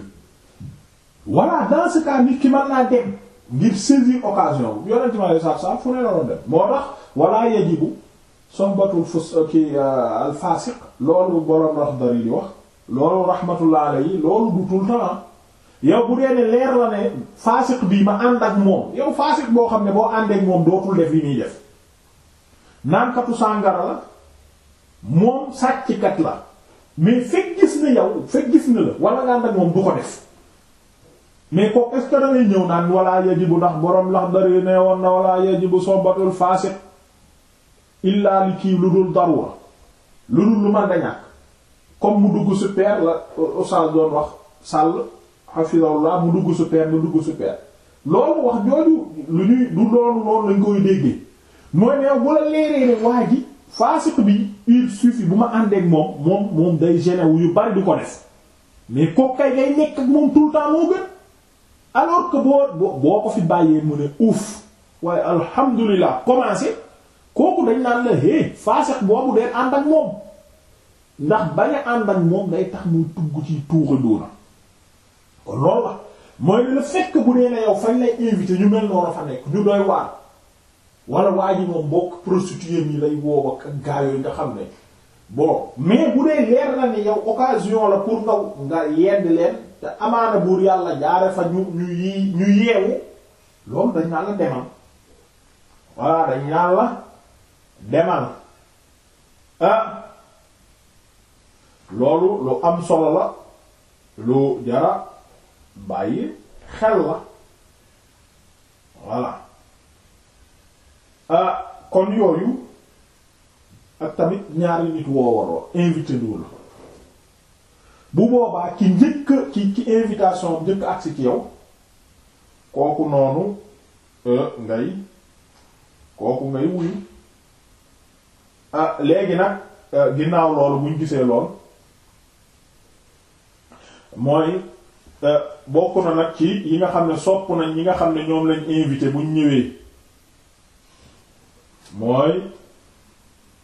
voilà dans ce ki mën naa dem ngir saisir occasion bu yonent ma lay saaf fu ne la doon dem moo tax wala yajibu sombatul fus ki al loolu borom Raxdari di wax loolu rahmatullah alayhi loolu du tout le yow bu dee ne leer la ne faasiq bii ma ànd ak moom yow faasiq boo xam ne boo àndeek moom dootul def li muy def naankatu sàngara la moom sàcckat la mais fekk gis na la wala nga ànd ak moom du ko def mais ko est-ce que da ñëw naan wala yajibu ndax borom lax dari ne woon na wala yajibu sobatul faasiq illaa li kii lu dul darura lu dul lu man da comme mu dugg super la euh, oustaz doon wax sàll hafizahullah mu dugg super mu dugg super loolu wax jooju lu ñuy du loolu noonu lañ koy déggee mooy ne bu la leeree ne waa ji faasiq bi il suffit bu ma àndeek moom moom moom day gêné wu yu bari du ko def mais kooku kay ngay moom tout le temps moo gën alors que boo boo ko fi bàyyee mu ne uuf waaye alhamdulilah commencé kooku dañ naan la hé faasiq boobu dee ànd ak moom ndax bañ a ànd ak moom day tax muy tugg ci tuuxa doona kon loolu la mooy ne la fekk bu dee ne yow fañ lay invité ñu mel noonu fa nekk ñu doy waar wala waa ji moom mbokk prostituée yi lay woo ak gaa nga xam ne bon mais bu dee leer na ni yow occasion la pour nga nga yedd leen te amaana buur yàlla jaare fa ñu ñu yi ñu yeewu loolu dañ naa la demal voilà dañ naa la demal ah loolu lu am solo la lu jara bàyyi xel la voilà ah kon yooyu ak tamit ñaari nit woo waroo invité loolu bu boobaa ki njëkk ci ci invitation njëkk agsi ci yow kooku noonu euh, ngay kooku ngay wuyu ah nag ginnaaw loolu buñ gisee lool mooy bokk na nag ci yi nga xam ne sopp nañ ñi nga xam ne ñoom lañ invité buñ ñëwee mooy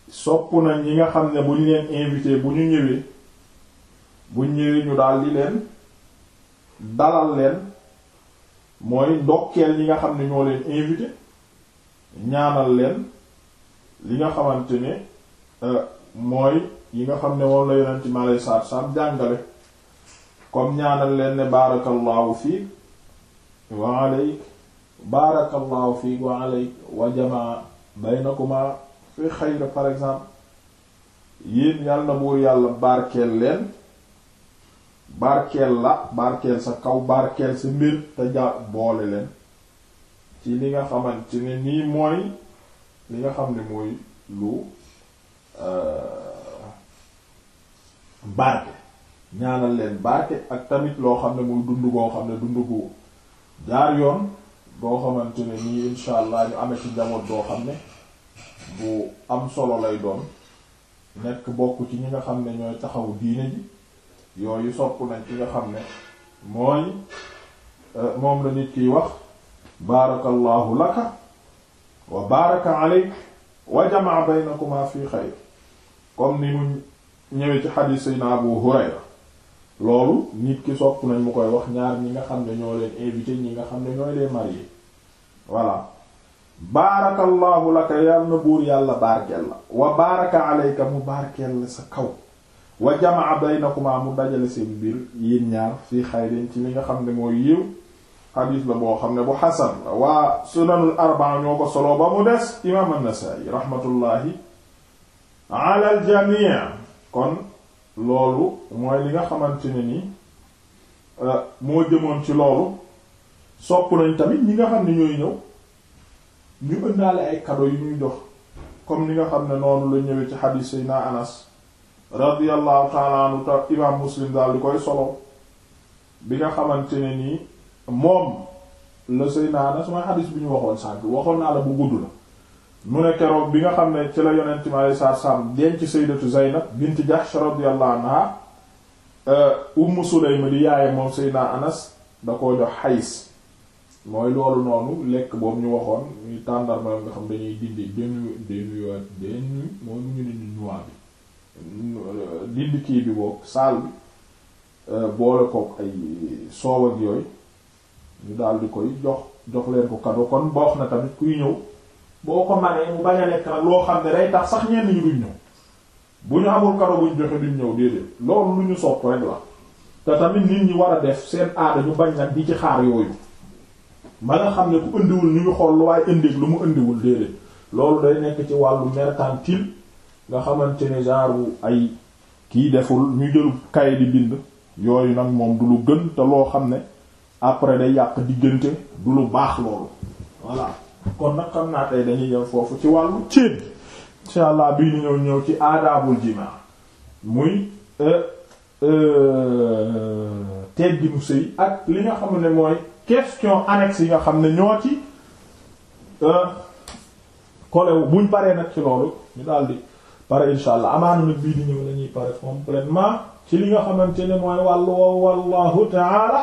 sopp na ñi nga xam ne buñ leen invité bu ñu ñëwee buñ ñëwee ñu daldi leen dalal leen mooy ndokkeel ñi nga xam ne ñoo leen invité ñaanal leen li nga xamante ne euh, mooy yi nga xam ne moom la yonent mi alayhi salaatu salaam jàngale comme ñaanal leen ne barakallahu fiik wa aleyk barakallahu fiik wa aleyk wa jamaa baynakuma fi xayr par exemple yéen yàlla na buur yàlla barkeel leen barkeel la barkeel sa kaw barkeel sa mbir te ja boole leen ci li nga xamante ne nii mooy li nga xam ne mooy lu euh, barke ñaanal leen barke ak tamit loo xam ne muy dund goo xam ne dund gu jaar yoon boo xamante ne nii insha allah ñu amee ci njaboot boo xam ne bu am solo lay doon nekk bokk ci ñi nga xam ne ñooy taxaw diine ji yooyu sopp nañ ci nga xam ne mooy euh, moom la nit kiy wax barakallahu laka wa baraka aleyk wa jamaa baynakuma fi xayr comme ni mu ñëwee ci xadiis sayna Abu Hurayra loolu nit ki sopp nañ mu koy wax ñaar ñi nga xam ne ñoo leen invité ñi nga xam ne ñooy les mariés voilà baarakallahu laka yal na buur yàlla baarkeel la wa baaraka alayka mu baarkeel la sa kaw wa jamaa baynakuma mu dajale seen biir yéen ñaar fii xayrin ci li nga xam ne mooy yiw xadiis la boo xam ne bu xasan la waa sunanul arbaa ñoo ko solo ba mu des imaam an-Nasaa'i raxmatullaahi ala al kon loolu mooy li nga xamante ne ni euh, moo jëmoon ci loolu sopp nañ tamit ñi nga xam ne ñooy ñëw ñu ëndaale ay cadeau yu ñuy jox comme ni nga xam ne noonu la ñëwee ci xadiis sayna anas radiyallahu ta'ala anhu ta imam muslim daal di koy solo bi nga xamante ne nii moom la sayna anas mooy xadiis bi ñu waxoon sànk waxoon naa la bu gudd la mu ne keroog bi nga xam ne ci la yonent mi alayhi salaatu salaam denc sayyidatu Zaynab bint Jahsh radiyallahu anha euh, Ummu Sulaym di yaaye moom Seydina Anas da koo jox xays mooy loolu noonu lekk boobu ñu waxoon ñuy tàndarma nga xam dañuy dindi denu denu denu mooy mu ñu dindi noix bi euh, dindi kii bi boog saal bi euh, boole kook ay soow ak yooyu ñu daal di koy jox jox leen ko kado kon boox na tamit kuy ñëw boo ko manee mu bañ a nekk loo xam ne rey tax sax ñenn ñu duñ ñëw bu ñu amul kado joxe duñ ñëw déedéet loolu lu ñu sopp rek la te tamit nit ñi war a def seen aada ñu bañ nag di ci xaar yooyu ma nga xam ne ku indiwul ñu ngi xool lu waaye indi mu indiwul déedéet loolu day nekk ci wàllu mercantile nga xamante ne genre ay kii deful ñu jël kaye di bind yooyu nag moom du lu gën te loo xam ne après day yàq diggante du lu baax loolu voilà kon nag xam naa tey dañuy yem foofu ci wàllu céen insha allah bii ñu ñëw ñëw ci aadaabul jimaa muy euh, euh, teggi mu sëy ak li nga xam ne mooy question annexe yi nga xam ne ñoo ci kolewu euh, buñ paree nag ci loolu ñu daldi pare insha allah amaana nag bii di ñëw lañuy pare complètement ci li nga xamante ne mooy wàllu wallahu taala